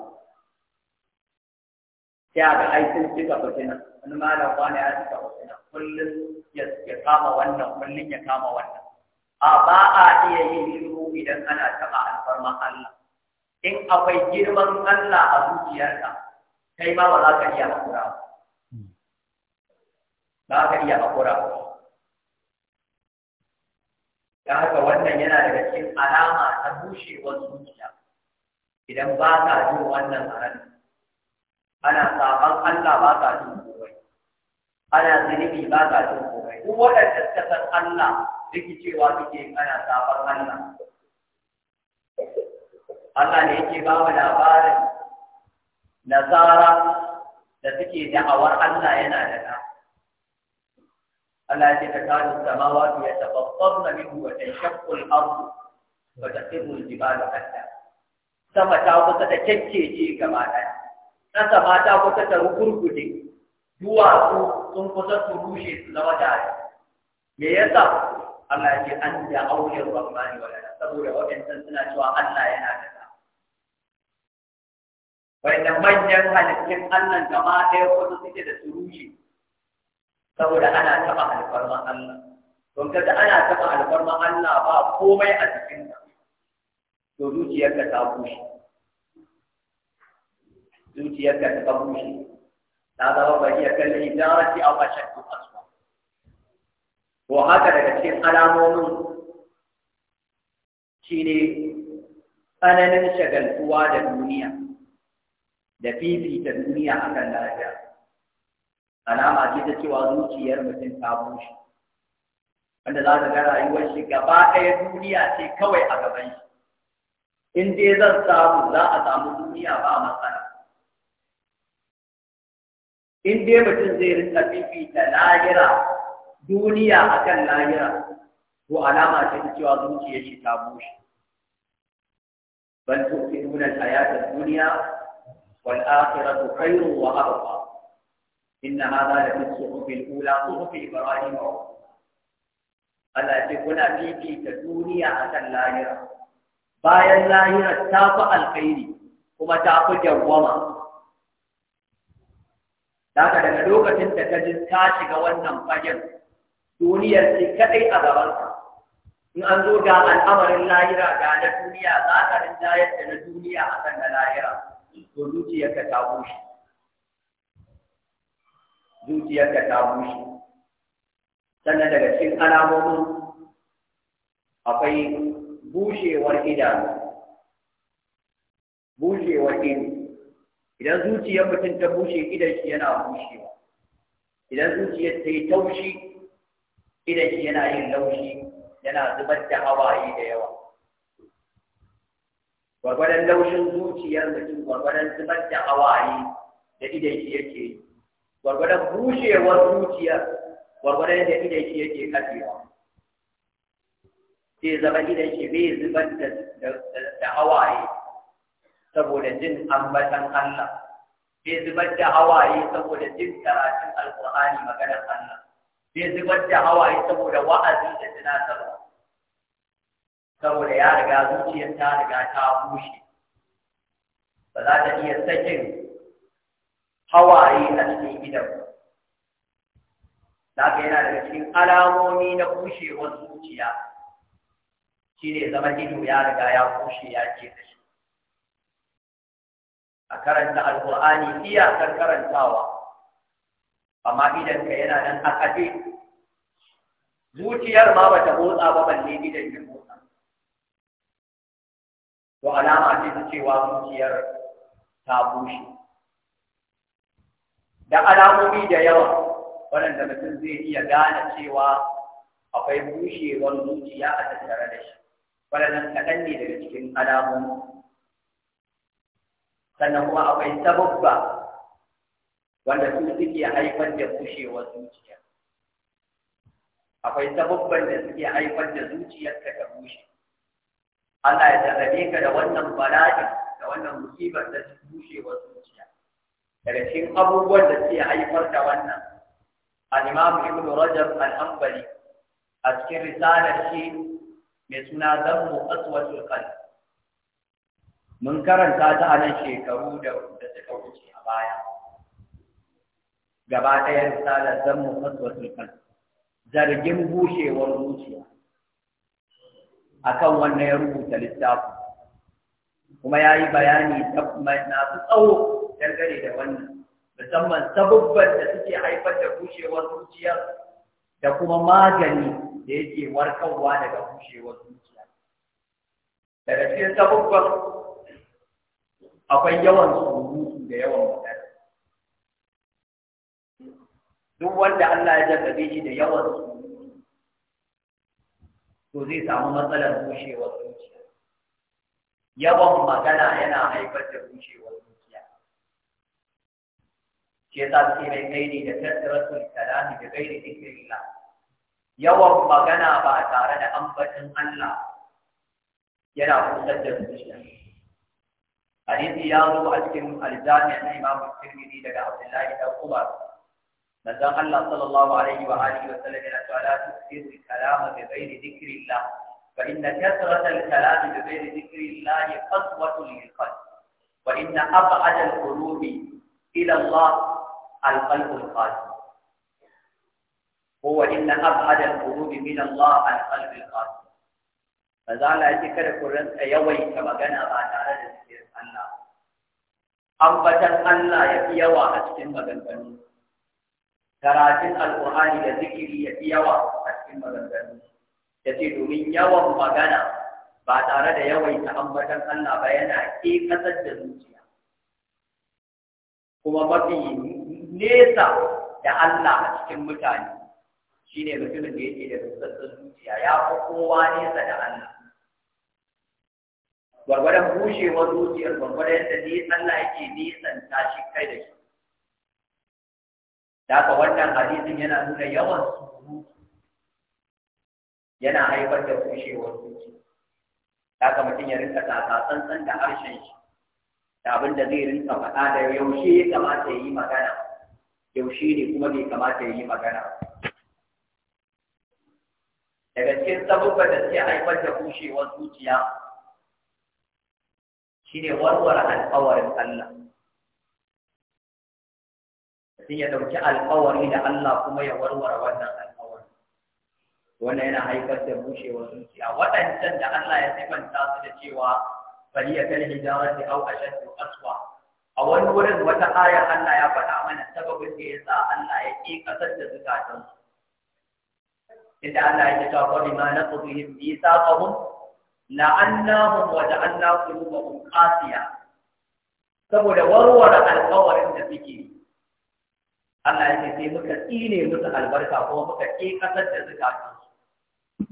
sai a ga ai sun cika fitina wani malam wani ya cika fitina kullum ya kama wannan kullum ya kama wannan a ba a iya yin shiru idan ana taɓa alfarman Allah in akwai girman Allah a zuciyarka kai ma ba za ka iya haƙura hmm. ba za ka iya haƙura da haka wannan yana daga cikin alama ta bushewar zuciya idan ba ka jin wannan a ana sabon Allah ba ka jin komai ana zunubi ba ka jin komai duk waɗanda suka san Allah duk cewa suke ana sabon Allah Allah ne yake ba mu labarin nasara da suke da'awar Allah yana da ta Allah ya ce ta kawo samawa ya babbar na minhu wa tashaqqu al-ard wa taqimu al-jibalu hatta sama ta kusa ta kekkece gaba ɗaya Na sama ta kusa ta rugurgude duwatsu sun kusa su rushe su zama tare me yasa Allah ya ce an da auliyar rahmani wa lana saboda waɗannan suna cewa Allah yana da wanda manyan halittun Allah gaba ɗaya wasu suke da suruji saboda ana taɓa alfarman Allah don kaga ana taɓa alfarman Allah ba komai a jikinka to zuciyarka ta bushe zuciyarka ta bushe ta zama bariya kan hijarati aw ashaddu aswa ko haka daga cikin alamomin shi ne tsananin shagaltuwa da duniya da ta duniya akan lafiya alama ce ta cewa zuciyar mutum ta bushe wanda za ka ga rayuwar shi gaba ɗaya duniya ce kawai a gaban shi in dai zan samu za a samu duniya ba matsala in dai mutum zai rinka fifita lahira duniya akan lahira ko alama ce ta cewa zuciyar shi ta bushe ban tu'minuna nuna hayata duniya والآخرة خير وأرضى إن هذا لفي الصحف الأولى صحف إبراهيم ألا تكون فيك تدوني عسى اللاهرة بايا اللاهرة تاب الخير وما تاب جوما لذا لما لوقة تتجد كاشك وانم فجر دوني السكتي أدبرك إن أنظر قال الأمر اللاهرة قال الدنيا ذاك الدنيا تدوني عسى اللاهرة to zuciyarka ta bushe zuciyarka ta bushe sannan daga cikin alamomin akwai bushewar idanu bushewar ido idan zuciyar mutum ta bushe idan shi yana bushewa idan zuciyar ta yi taushi idan shi yana yin laushi yana zubar da hawaye da yawa gwagwadon laushin zuciyar mutum gwagwadon zubar da hawaye da idan shi yake gwagwadon gwargwadon bushewar zuciyar gwargwadon da idan shi yake kafewa sai zama idan shi bai zubar da hawaye saboda jin ambatan Allah bai zubar da hawaye saboda jin karatun alkur'ani maganar Allah bai zubar da hawaye saboda wa'azi da tunatarwa saboda ya riga zuciyar ta riga ta bushe ba za ta iya sakin hawaye a cikin gidan za ka yana daga cikin alamomi na bushewar zuciya shi ne zama ido ya riga ya bushe ya ce da shi a karanta alkur'ani iyakar karantawa amma idanka yana nan a ƙafe zuciyar ma bata motsa ba balle idan ya motsa to alama ce ta cewa zuciyar ta bushe da alamomi da yawa waɗanda mutum zai iya gane cewa akwai bushewar zuciya a tattare da shi waɗannan kaɗan ne daga cikin alamomi sannan kuma akwai sababba wanda su suke haifar da bushewar zuciya akwai sababban da suke haifar da zuciyarka ta bushe Allah ya jarrabe ka da wannan bala'i da wannan musibar da ta bushe wa zuciya daga cikin abubuwan da suke haifar da wannan al-Imam Ibn Rajab al-Hanbali a cikin risalar shi mai suna Zammu Aswatul Qalb mun karanta ta a nan shekaru da suka wuce a baya gaba ɗaya risalar Zammu Aswatul Qalb zargin bushewar zuciya akan wannan ya rubuta littafi kuma ya yi bayani masu tsawo dangane da wannan musamman sabubban da suke haifar da bushewar zuciya da kuma magani da yake warkarwa daga bushewar zuciya daga cikin sabubban akwai yawan surutu da yawan magana duk wanda Allah ya jaddade shi da yawan surutu to zai samu matsalar bushewar zuciya yawan magana yana haifar da bushewar zuciya ke sa ce mai kaini da tattaratul kalami da gairi kirila yawan magana ba tare da ambacin Allah yana kusan da zuciya hadisi ya zo a cikin aljami na imamu Tirmidhi daga Abdullahi dan Umar فتخلى صلى الله عليه وآله وسلم أن لا تكثر الكلام بغير ذكر الله فإن كثرة الكلام بغير ذكر الله قسوة للقلب وإن أبعد القلوب إلى الله القلب الخاشع هو إن أبعد القلوب من الله القلب الخاشع فزال ذكر قرآن أيوي كما قنا بعد ذكر الله أبدا أن لا يتيوى أسلم بالقلوب karatun alƙur'ani da zikiri ya fi yawa a cikin maganganu ya ce domin yawan magana ba tare da ta ambatan Allah ba yana ke kasar da zuciya kuma mafi nesa da Allah a cikin mutane shine mutumin da yake da tsatsar zuciya ya fi kowa nesa da Allah gwargwadon bushewar zuciyar gwargwadon yadda ne Allah yake nisan tashi kai da shi da ka wannan hadisin yana nuna yawan surutu yana haifar da kushewar zuci da ka mutum ya rinka tsatsa tsantsan da harshen shi da abin da zai rinka faɗa da yaushe ya kamata ya yi magana yaushe ne kuma bai kamata ya yi magana daga cikin sabubba da suke haifar da kushewar zuciya shine warware alƙawarin Allah mutum ya ɗauki alƙawari da Allah kuma ya warware wannan alƙawari wannan yana haifar da bushewar zuciya waɗancan da Allah ya sifanta su da cewa bari ya kan hijarar da au ashaddu aswa a wani wurin wata aya Allah ya faɗa mana sababin da ya sa Allah ya ƙi ƙasar da zukatansu inda Allah ya ce wa bima naqdihim mithaqahum la'annahum wa ja'alna qulubahum qasiya saboda warware alƙawarin da suke Allah ya ce sai muka tsine musu albarka kuma muka ƙi ƙasar da suka ci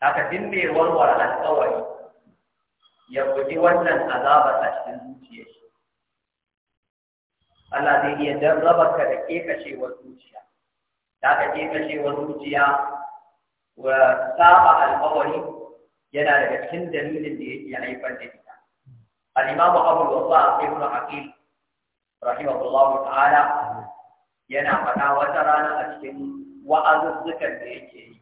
haka din mai warware alƙawari ya guji wannan azabar a cikin zuciya Allah zai iya jarrabar ka da ƙeƙashewar zuciya ta ka ƙeƙashewar zuciya wa saba alƙawari yana daga cikin dalilin da yake haifar da ita al-imamu abu wasa ibn aqil rahimahullahu ta'ala yana faɗa wata rana a cikin wa'azuzzukan da yake yi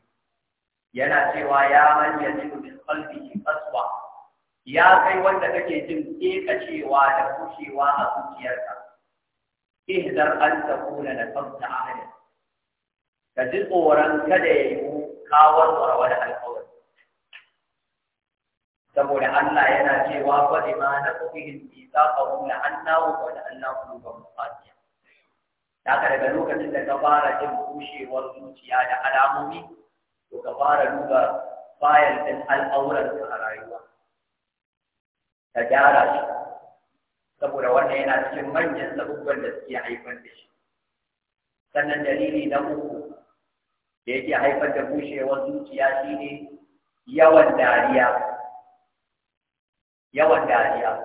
yana cewa ya hanyar yajidu min qalbihi ya kai wanda kake jin cewa da kushewa a zuciyarka ihdar an da tsafta a ahadin ka ji tsoron kada ya yi kawar wani alƙawari saboda Allah yana cewa fa bima na kufihin isa qawla annahu wa la annahu bi fadiya. aka daga lokacin da ka fara jin bushewar zuciya da alamomi to ka fara duba bayan din al'auran a rayuwa ka gyara shi saboda wannan yana cikin manyan sabubban da suke haifar da shi sannan dalili na uku da yake haifar da bushewar zuciya shine yawan dariya yawan dariya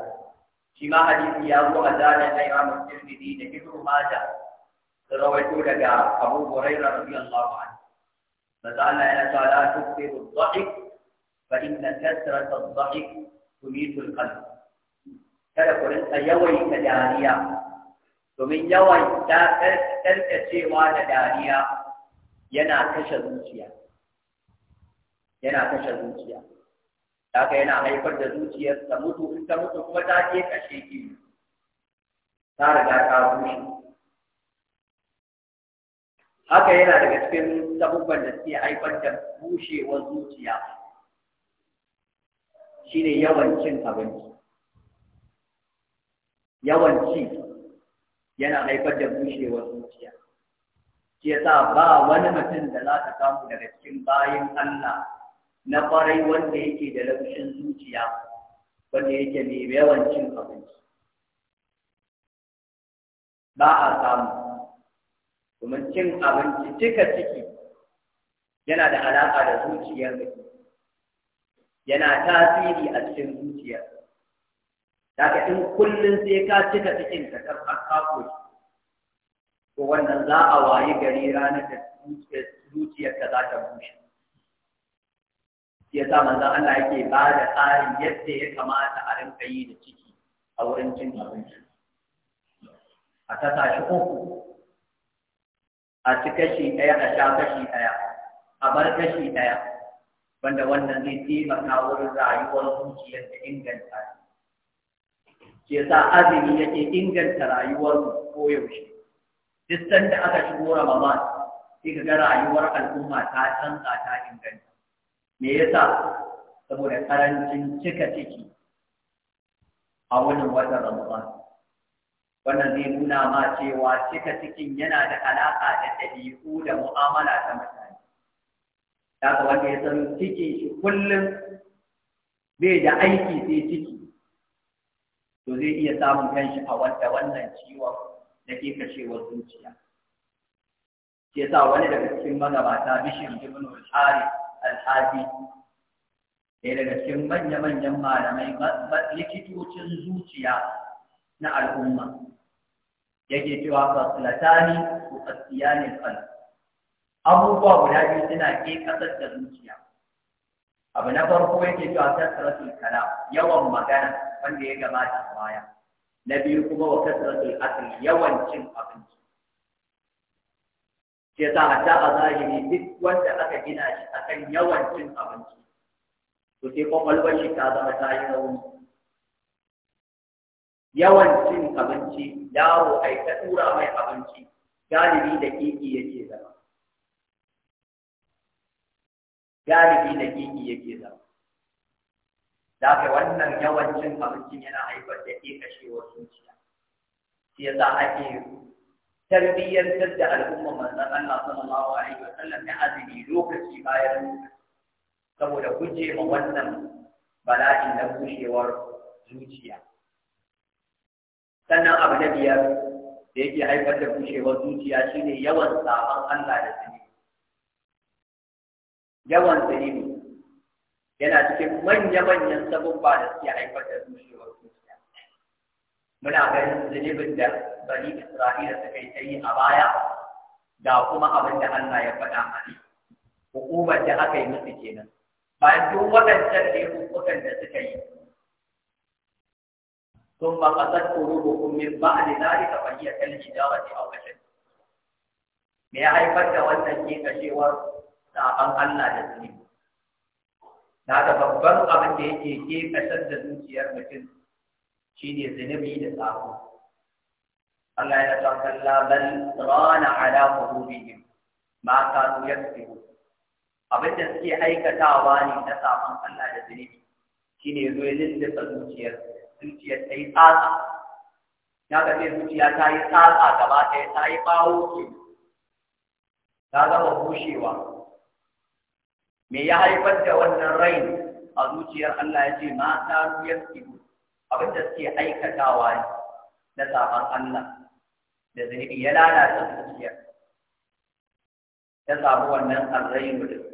shi ma hadisi ya zo a zanen ayyukan tirmidhi da ibnu majah rawaito daga Abu Hurairah radiyallahu anhu maza Allah yana cewa la tukthiru ad-dhahik fa inna kathrata ad-dhahik tumitu al-qalb kada ku rinka yawaita dariya domin yawan ta karkacewa da dariya yana kashe zuciya yana kashe zuciya haka yana haifar da zuciyar ta mutu in ta mutu kuma ta je kashe ki ta riga ta bushe haka yana daga cikin sabubban da suke haifar da bushewar zuciya shine yawan cin abinci yawan ci yana haifar da bushewar zuciya shi yasa ba wani mutum da za ka samu daga cikin bayan Allah na farai wanda yake da laushin zuciya wanda yake mai yawan cin abinci ba a samu domin cin abinci cika ciki yana da alaƙa da zuciyar yana tasiri a cikin zuciyar daga in kullum sai ka cika cikin ka karɓar kafo to wannan za a wayi gari ranar da zuciyar ka za ta bushe ya sa manzon Allah yake ba da tsarin yadda ya kamata a rinka yi da ciki a wurin cin abinci a ta tashi uku a ci kashi ɗaya a sha kashi ɗaya a bar kashi ɗaya wanda wannan zai taimaka wurin rayuwar zuciyar da inganta Ke sa azumi yake inganta rayuwar ko yaushe duk sanda aka shigo ramadan sai ka ga rayuwar al'umma ta canza ta inganta me yasa saboda karancin cika ciki a wannan watan ramadan wannan zai nuna ma cewa cika cikin yana da alaƙa da ɗabi'u da mu'amala ta mutane daga wanda ya san cikin shi kullum bai da aiki sai ciki to zai iya samun kanshi a wanda wannan ciwon da ke kashewar zuciya ke sa wani daga cikin magabata bishin ibn al alhaji, ya daga cikin manya-manyan malamai likitocin zuciya na al'umma yake cewa fasilatani ko fasiyanin kan abubuwa guda biyu suna ke kasar da zuciya abu na farko yake cewa kasratul kala yawan magana wanda ya gabata baya na biyu kuma wa kasratul akli yawan cin abinci ke sa hatta a zahiri duk wanda aka gina shi akan yawan cin abinci to sai kwakwalwar shi ta zama ta yi rauni yawan cin abinci yawo a ta ɗura mai abinci galibi da kiki yake zama galibi da kiki yake zama da ka wannan yawancin abincin yana haifar da wasu zuciya shi a ke tarbiyyantar da al'umma manzon Allah sallallahu alaihi wa sallam na azumi lokaci bayan lokaci saboda guje ma wannan bala'in na bushewar zuciya sannan abu na biyar da yake haifar da bushewar zuciya shine yawan sabon Allah da zunubi yawan zunubi yana cikin manya-manyan ba da suke haifar da bushewar zuciya muna ganin zunubin da bani Isra'ila suka yi ta yi a baya da kuma abin da Allah ya faɗa a hukumar da aka yi musu kenan bayan duk waɗancan ne hukumar da suka yi ثم قصد قلوبكم من بعد ذلك فهي كالحجارة أو أشد me ya haifar da wannan ke kashewar saban Allah da zuni na da babban abin da yake ke kashar da zuciyar mutum shine zunubi da sabo Allah ya ta kalla bal rana ala qulubihim ma kanu yaktubu abin da suke aikatawa ne Allah da shine zuciyar ta yi tsatsa ya ga ce zuciya ta yi tsatsa gaba ɗaya ta yi ɓawo ke ta zama bushewa me ya haifar da wannan rain a zuciyar Allah ya ce ma ta ruyar ibu abin da suke aikatawa ne na saban Allah da zunubi ya lalata zuciyar ta samu wannan arrainu da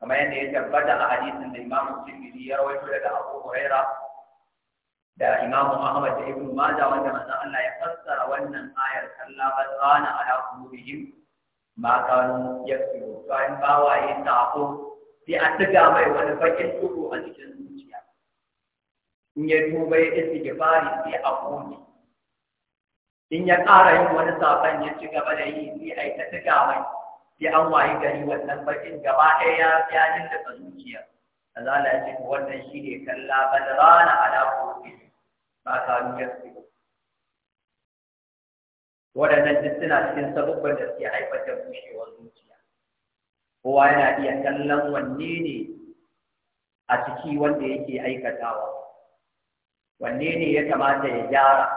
Kama yadda ya tabbata a hadisin da Imam Tirmidhi ya rawaito daga Abu Huraira da Imam Ahmad da ibnu Maza, wanda manzo Allah ya fassara wannan ayar Allah bazana ala qulubihim ma kanu yakfiru kan bawaye sako sai a tuga mai wani bakin tuko a cikin zuciya in ya duba ya istighfari sai a kone in ya ƙara yin wani saban ya ci gaba da yi sai a yi ta tuga mai sai an wayi gari wannan bakin gaba ɗaya ya ya dinka ta zuciya azala ya ce wannan ne kalla rana a dafofi ba ka nuna su waɗannan jiki suna cikin sabubban da suke haifar da bushewar zuciya kowa yana iya kallon wanne ne a ciki wanda yake aikatawa wanne ne ya kamata ya gyara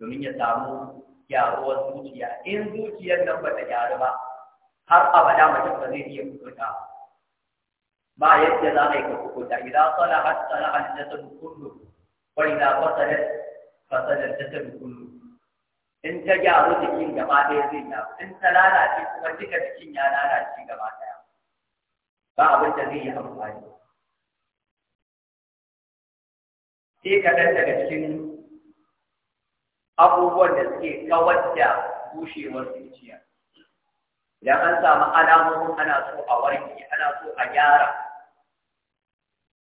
domin ya samu gyaruwar zuciya in zuciyar nan ba ta gyaru ba har abada mutum ba zai iya kubuta ba yadda za a yi ka kubuta idan salahat salahat jasad kullu wa idan fasadat fasadat jasad kullu in ta gyaru jikin gaba ɗaya zai gyaru in ta lalace kuma duka jikin ya lalace gaba ɗaya ba abin da zai yi amfani sai kaɗan daga cikin abubuwan da suke kawar da bushewar zuciya idan an samu alamomin ana so a warke ana so a gyara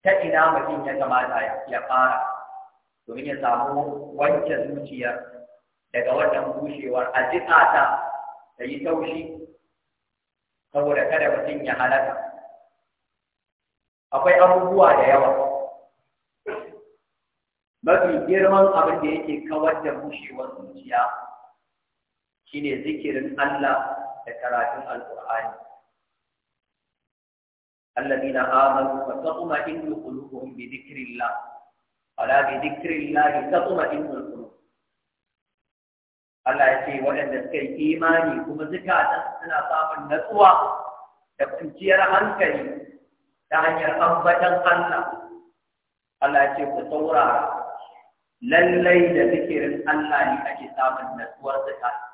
ta ina mutum ya kamata ya fara domin ya samu wanke zuciyar daga wannan bushewar a jikata ta yi taushi saboda kada mutum ya halaka akwai abubuwa da yawa mafi girman abin da yake kawar da bushewar zuciya Shi ne zikirin Allah da karatun Allah alqur'ani alladina amanu wa tatma'innu qulubuhum bi la ala bi dhikrillah tatma'innu qulub Allah ya ce waɗanda suka yi imani kuma ta suna samun natsuwa da kwanciyar hankali ta hanyar ambatan Allah Allah ce ku saurara lallai da zikirin Allah ne ake samun natsuwar zikata.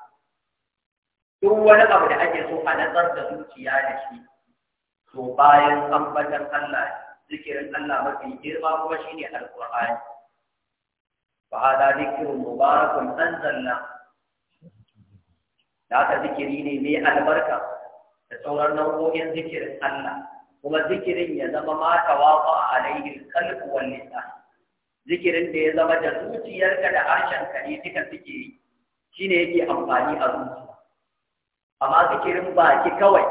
duk wani abu da ake so a nazar da zuciya da shi to bayan ambatan Allah zikirin Allah mafi girma kuma shi ne alƙur'ani fa hada zikrun mubarakun anzalna da aka zikiri ne mai albarka da sauran nau'o'in zikirin Allah kuma zikirin ya zama ma tawafa alaihi alqalbu wal lisan zikirin da ya zama da zuciyarka da harshenka ne duka suke yi shi ne yake amfani a zuciya amma zikirin baki kawai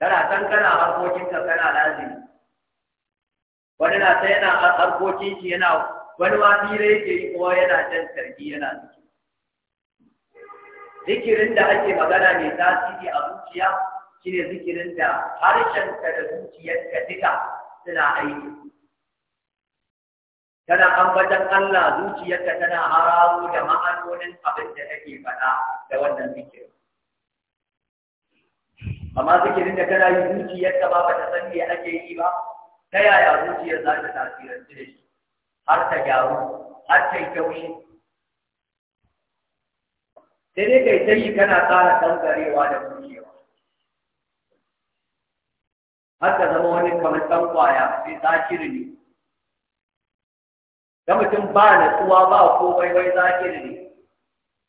kana san kana harkokin ka kana lazimi wani na ta yana harkokin shi yana wani ma fira yake yi kuma yana jan sarki yana zikiri zikirin da ake magana mai tasiri a zuciya shine zikirin da harshen ka da zuciyarka duka suna aiki tana ambatan Allah zuciyarka tana hararo da ma'anonin abin da take faɗa da wannan zikirin amma zikirin da kana yi zuciyar ka ba ba ta san me ake yi ba ta yaya zuciyar za ta tasiranci da shi har ta gyaru har ta yi taushi sai dai kai ta yi kana tsara tangarewa da zuciyar. har ka zama wani kamar ɗan ƙwaya sai zakiri ne ga mutum ba natsuwa ba komai wai zakiri ne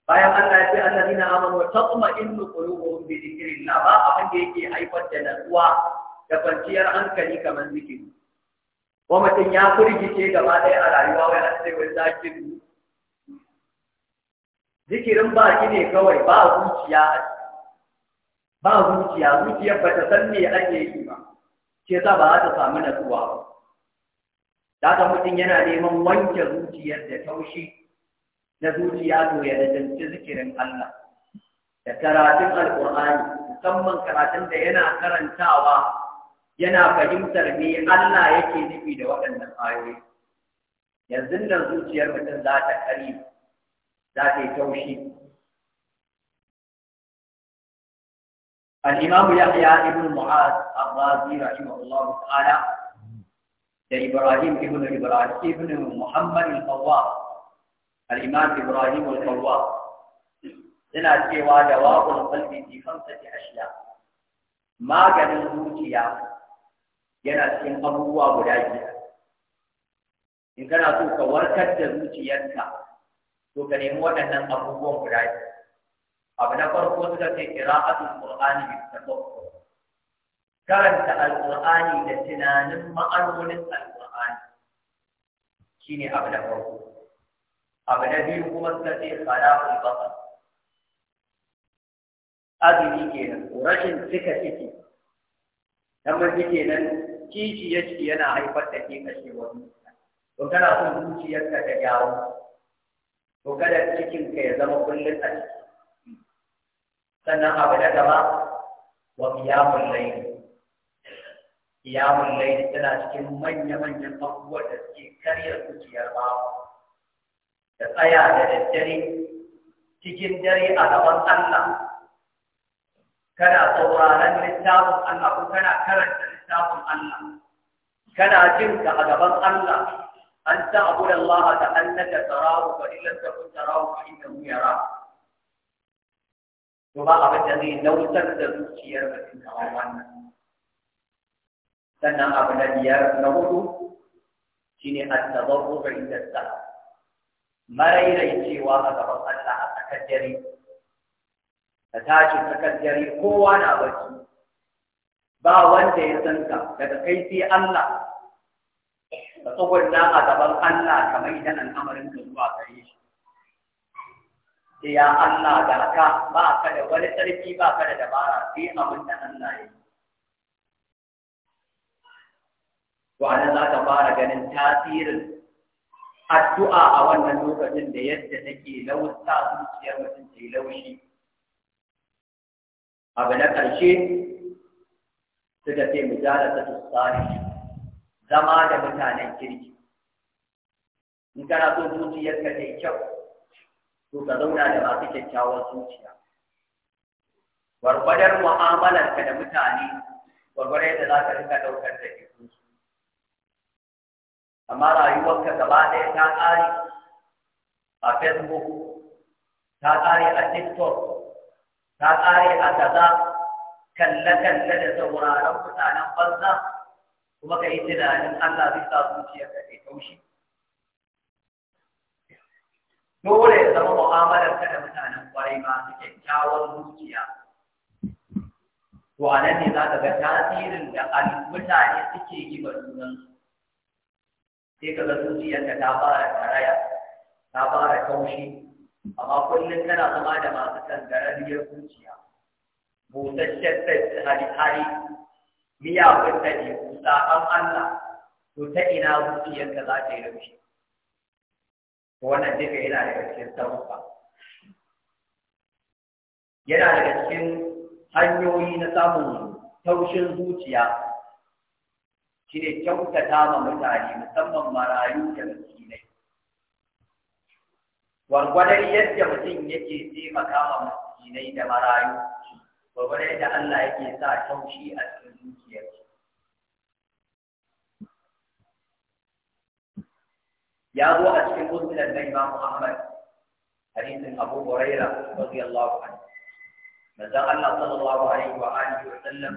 bayan Allah ya ce allazina amanu tatma'innu qulubuhum bi dhikrillah ba abin da yake haifar da natsuwa da kwanciyar hankali kamar zikiri ko mutum ya firgice gaba ɗaya a rayuwa wai an sai wai du zikirin ba ki ne kawai ba zuciya ba zuciya zuciyar ba ta san me ake yi ba Ke za ba za ta samu natsuwa ba da mutum yana neman wanke zuciyar da taushi na zuciya to ya dajanci zikirin Allah da karatun alƙur'ani musamman karatun da yana karantawa yana fahimtar me Allah yake nufi da waɗannan ayoyi yanzu nan zuciyar mutum za ta kari za ta yi taushi الإمام يحيى بن معاذ الرازي رحمه الله تعالى لإبراهيم ابن إبراهيم ابن محمد الفواح al-imam ibrahim al-qawwa yana cewa da waqul qalbi fi khamsati ashiya maganin zuciya yana cikin abubuwa guda biyar in kana so ka warkar da zuciyarka to ka nemi waɗannan abubuwan guda biyar abu na farko suka ce qira'atul qur'ani bi tafakkur karanta alqur'ani da tunanin ma'anonin alqur'ani shine abu na farko abu na biyu kuma suka ce khalaqul basar azumi kenan rashin cika ciki dan mun kenan kici yake yana haifar da ke kashe wani to kana son zuciyarka ta gyaru to kada cikinka ya zama kullum a ciki sannan abu da gaba wa kiyamun layl Kiyamun layl tana cikin manya manyan abubuwa da suke karya zuciyar bawa da tsaya da daddare cikin dare a gaban Allah kana sauraron littafin Allah ko kana karanta littafin Allah kana jin ka a gaban Allah an ta'budu Allah ka annaka tarahu fa illam takun tarahu fa innahu yara to ba abin da zai nautar da zuciyar mutum kamar wannan sannan abu na biyar na hudu shine at-tadarru inda sa'a cewa a gaban Allah a tsakar dare ka tashi tsakar dare kowa na barci. ba wanda ya san ka daga kai sai Allah ka tsogunna a gaban Allah kamar idan amarin ka zuwa kare shi ya Allah ga ka ba ka da wani tsarki ba ka da dabara sai abin da Allah ya yi to za ta fara ganin tasirin addu'a a wannan lokacin da yadda take lausa zuciyar mutum ta yi laushi abu na ƙarshe suka da ke jara ta tsari zama da mutanen kirki in kana so ka ta yi kyau to ka zauna da masu kyakkyawar zuciya gwargwadar ka da mutane gwargwadar yadda za ka rika ɗaukar da jikinsu amma rayuwarka gaba ɗaya ta ƙare a facebook ta ƙare a tiktok ta ƙare a kaza kalle-kalle da sauraron mutanen banza kuma ka yi tunanin Allah zai sa zuciya ta taushi dole ya zama mu'amalar ka da mutanen kwarai masu kyakkyawar zuciya to a nan ne za ka ga tasirin da mutane suke yi ba sunansu sai ka ga zuciyarka ta fara karaya ta fara kaushi amma kullum tana zama da masu kangarariyar zuciya busasshen sassi hari-hari miyagun da ne saƙon Allah to ta ina zuciyarka za ta yi raushi wannan duka yana daga cikin sarrafa yana daga cikin hanyoyi na samun taushin zuciya shi kyautata ma mutane musamman marayu da miskinai gwargwadon yadda mutum yake taimaka ma miskinai da marayu gwargwadon yadda Allah yake sa taushi a cikin zuciyar ya zo a cikin musulun na Imam Muhammad hadisin Abu Hurairah radiyallahu anhu manzon Allah sallallahu alaihi wa alihi wa sallam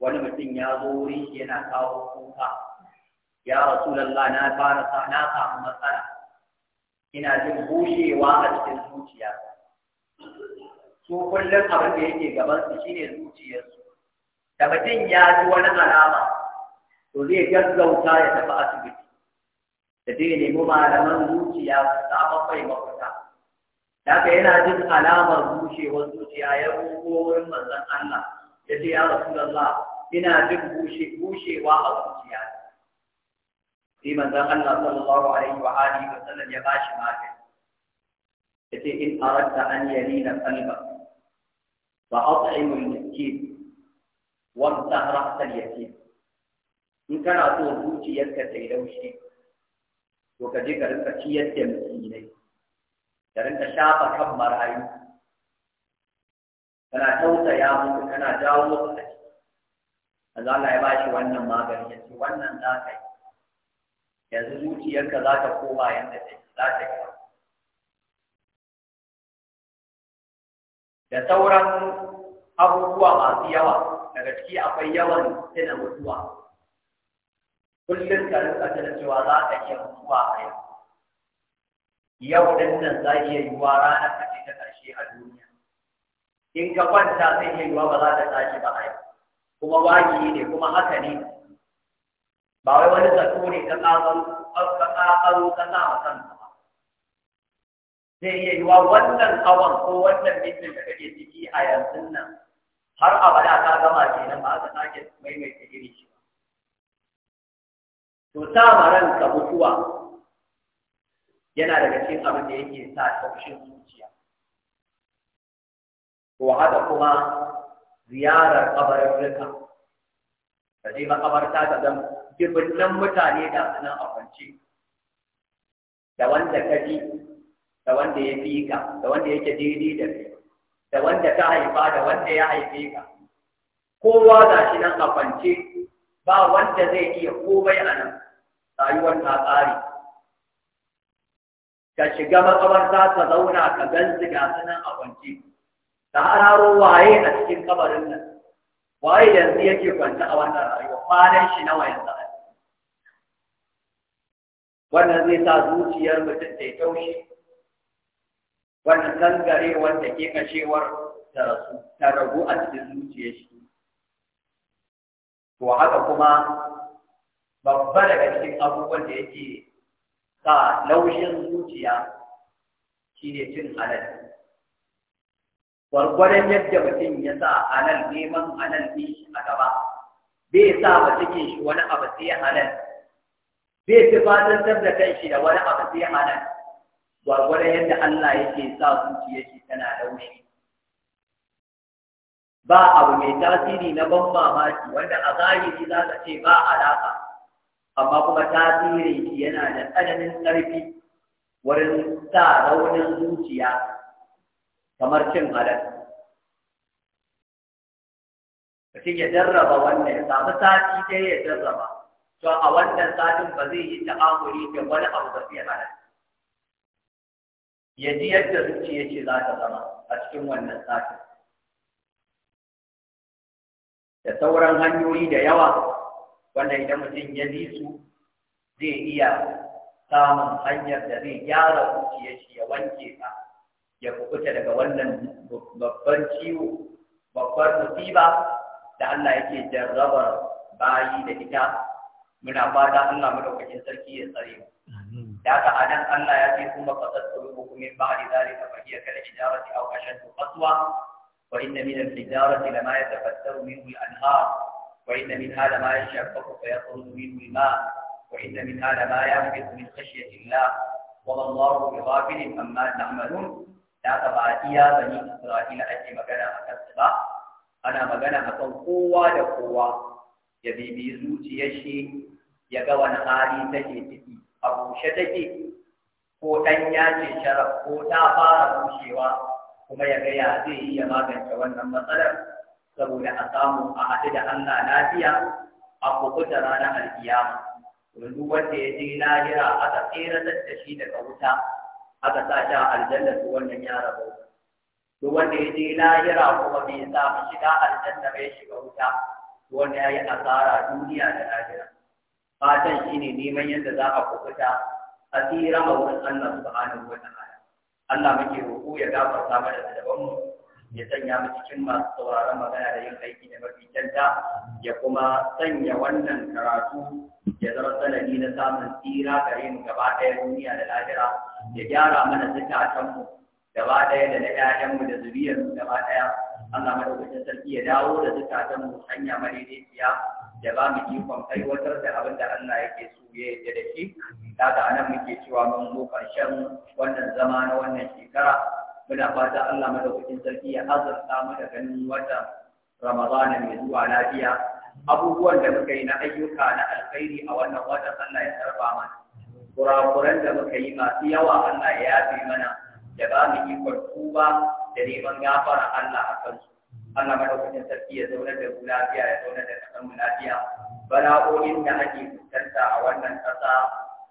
wani mutum ya zo wuri yana kawo kuka ya rasulullah na fara sa na samu matsala ina jin bushewa a cikin zuciya su kullum abin da yake gaban su shine zuciyarsu da mutum ya ji wani alama to zai gaggauta ya tafi asibiti da zai nemi malaman zuciya su samu kai mafita Daga yana jin alamar bushewar zuciya ya rubo wurin manzon Allah ya ce ya rasu da rasulallah ina jin bushewa a zuciya sai manzon Allah sallallahu alaihi wa alihi wa sallam ya bashi magani yace in aradta an yalina Ba a at'im al-miskin Wani tahrat al-yatim in kana so zuciyarka ta yi laushi to ka je ka rinka ciyar da miskinai ka rinka shafa kan marayu kana tausaya musu kana dawo musu a ciki manzo Allah ya bashi wannan magani ya ce wannan za ka yi yanzu zuciyarka za ta koma yadda ta za ta yi da sauran abubuwa masu yawa daga ciki akwai yawan tuna mutuwa kullum ka rinka tuna cewa za ka iya mutuwa a yau yau din nan za iya yiwuwa ranar ce ta ƙarshe a duniya in ka kwanta sai iya ruwa ba za ta tashi ba ai kuma waki ne kuma haka ne ba wai wani zato ne ka ƙaƙaro ka sa a kan ba zai iya yiwa wannan tsawon ko wannan mintin da kake ciki a yanzu nan har abada ta gama kenan ba ka sake maimaita iri shi ba to sa ma ranka mutuwa yana daga cikin abin da yake sa taushin zuciya ko haka kuma ziyarar kabarin ka je makabarta ka zan dubunnan mutane da sunan a kwance da wanda ka ji da wanda ya fi ka da wanda yake daidai da kai da wanda ka haifa da wanda ya haife ka kowa ga shi nan a kwance ba wanda zai iya komai a nan rayuwar ta tsari ka shiga makabarta ka zauna ka gansu ga sunan a kwance ta hararo waye a cikin kabarin nan waye yanzu yake kwanta a wannan rayuwa kwanan shi nawa yanzu a wannan zai sa zuciyar mutum ta yi taushi wannan wanda ke kashewar ta ragu a cikin zuciyar shi to haka kuma babba daga cikin abubuwan da yake sa laushin zuciya shine cin halal gwargwaron yadda mutum ya sa halal neman halal ne shi a gaba bai sa ba cikin shi wani abu sai halal bai tufatantar da kan shi da wani abu sai halal gwargwaron yadda Allah yake sa zuciya shi tana laushi ba abu mai tasiri na ban mamaki wanda a zahiri za ka ce ba alaƙa amma kuma tasirin shi yana da tsananin ƙarfi wurin sa raunin zuciya kamar cin halal ya jarraba wannan ya samu sati ɗaya ya jarraba to a wannan satin ba zai yi ta'amuri da wani abu ba fiye halar. ya ji yadda zuciya ce za ta zama a cikin wannan satin da sauran hanyoyi da yawa wanda idan mutum ya ji su zai iya samun hanyar da zai gyara zuciya ya wanke ta ya kubuta daga wannan babban ciwo babbar musiba da Allah yake jarrabar bayi da ita muna fata Allah madaukakin sarki ya tsare mu da haka anan Allah ya ce kuma fasad qulubukum min ba'di dhalika fa hiya kal hijarati aw ashaddu qaswa wa inna min al hijarati lama yatafattaru minhu al anhar wa inna minha lama yashaqqaqu fa yakhruju minhu al ma wa inna minha lama yanfidu min khashyati Allah wa ma Allahu bi ghafilin amma ta'malun da aka ba iya bani isra'ila ake magana a kansu ba ana magana a kan kowa da kowa ya bibi zuciyar shi ya ga wani hali take ciki a bushe take ko ɗan yace sharaf ko ta fara bushewa kuma ya gaya zai iya magance wannan matsalar saboda a samu a haɗu da Allah lafiya a kukuta ranar alkiyama domin duk wanda ya je lahira aka tsere da shi daga wuta aka sa shi a aljanna to wannan ya rabu to wanda ya je lahira kuma bai mu shiga aljanna bai shiga wuta to wanda ya yi asara duniya da lahira fatan ne neman yadda za a kubuta asira a wurin Allah subhanahu wa ta'ala Allah muke roƙo ya gafarta mana da daban mu ya sanya mu cikin masu sauraron magana da yin aiki da mafi kyanta ya kuma sanya wannan karatu ya zama sanadi na samun tsira gare mu gaba ɗaya duniya da lahira ya gyara mana zukatanmu gaba ɗaya da na ƴaƴanmu da zuriyarmu gaba ɗaya Allah madaukakin sarki ya dawo da zukatanmu hanya madaidaiciya ya ba mu ikon aiwatar da abin da Allah yake so ya yadda da shi ga nan muke cewa mun zo ƙarshen wannan zama na wannan shekara muna fata Allah madaukakin sarki ya azurta mu da ganin watan Ramadana mai zuwa lafiya abubuwan da muka yi na ayyuka na alkhairi a wannan watan Allah ya karba mana kurakuran da muka yi masu yawa Allah ya yafe mana da ba mu ikon tuba da neman gafara Allah a kansu Allah madaukakin sarki ya zauna da mu lafiya ya zauna da kasan mu lafiya bala'o'in da ake fuskanta a wannan ƙasa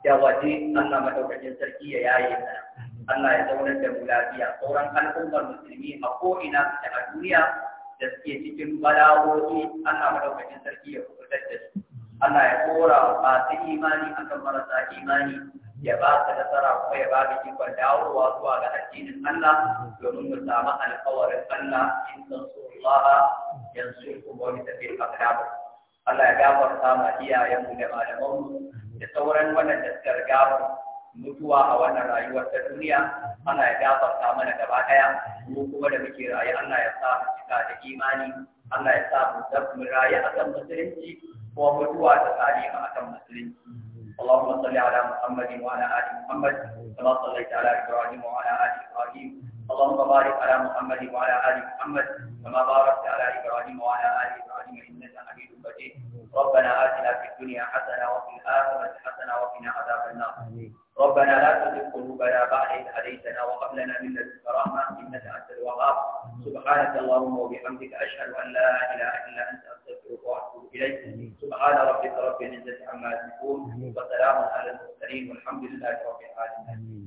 da waje Allah madaukakin sarki ya yaye mana Allah ya zauna da mu lafiya sauran al'ummar musulmi a ko'ina da a duniya da suke cikin bala'o'i Allah madaukakin sarki ya kubutar da su Allah ya kora masu imani akan marasa imani ya ba su nasara kuma ya ba da ikon dawowa zuwa ga addinin Allah domin mu samu alƙawarin Allah in san su Allah yanzu kuma wani tafiyar akrabu Allah ya gafar gafarta ma iyayenmu da malamanmu da sauran wannan da suka riga mutuwa a wannan rayuwar ta duniya Allah ya gafar gafarta mana gaba ɗaya mu kuma da muke raye Allah ya sa cika da imani Allah ya sa mu mu rayu akan musulunci ko mutuwa ta tsare mu akan musulunci اللهم صل على محمد وعلى ال محمد كما صليت على ابراهيم وعلى ال ابراهيم اللهم بارك على محمد وعلى ال محمد كما باركت على ابراهيم وعلى ال ابراهيم انك حميد مجيد ربنا اتنا في الدنيا حسنه وفي الاخره حسنه وقنا عذاب النار ربنا لا تزغ قلوبنا بعد إذ هديتنا وهب لنا من لدنك رحمة إنك أنت الوهاب سبحانك اللهم وبحمدك أشهد أن لا إله إلا أنت أستغفرك وأتوب إليك سبحان ربك رب العزة عما يصفون وسلام على المرسلين والحمد لله رب العالمين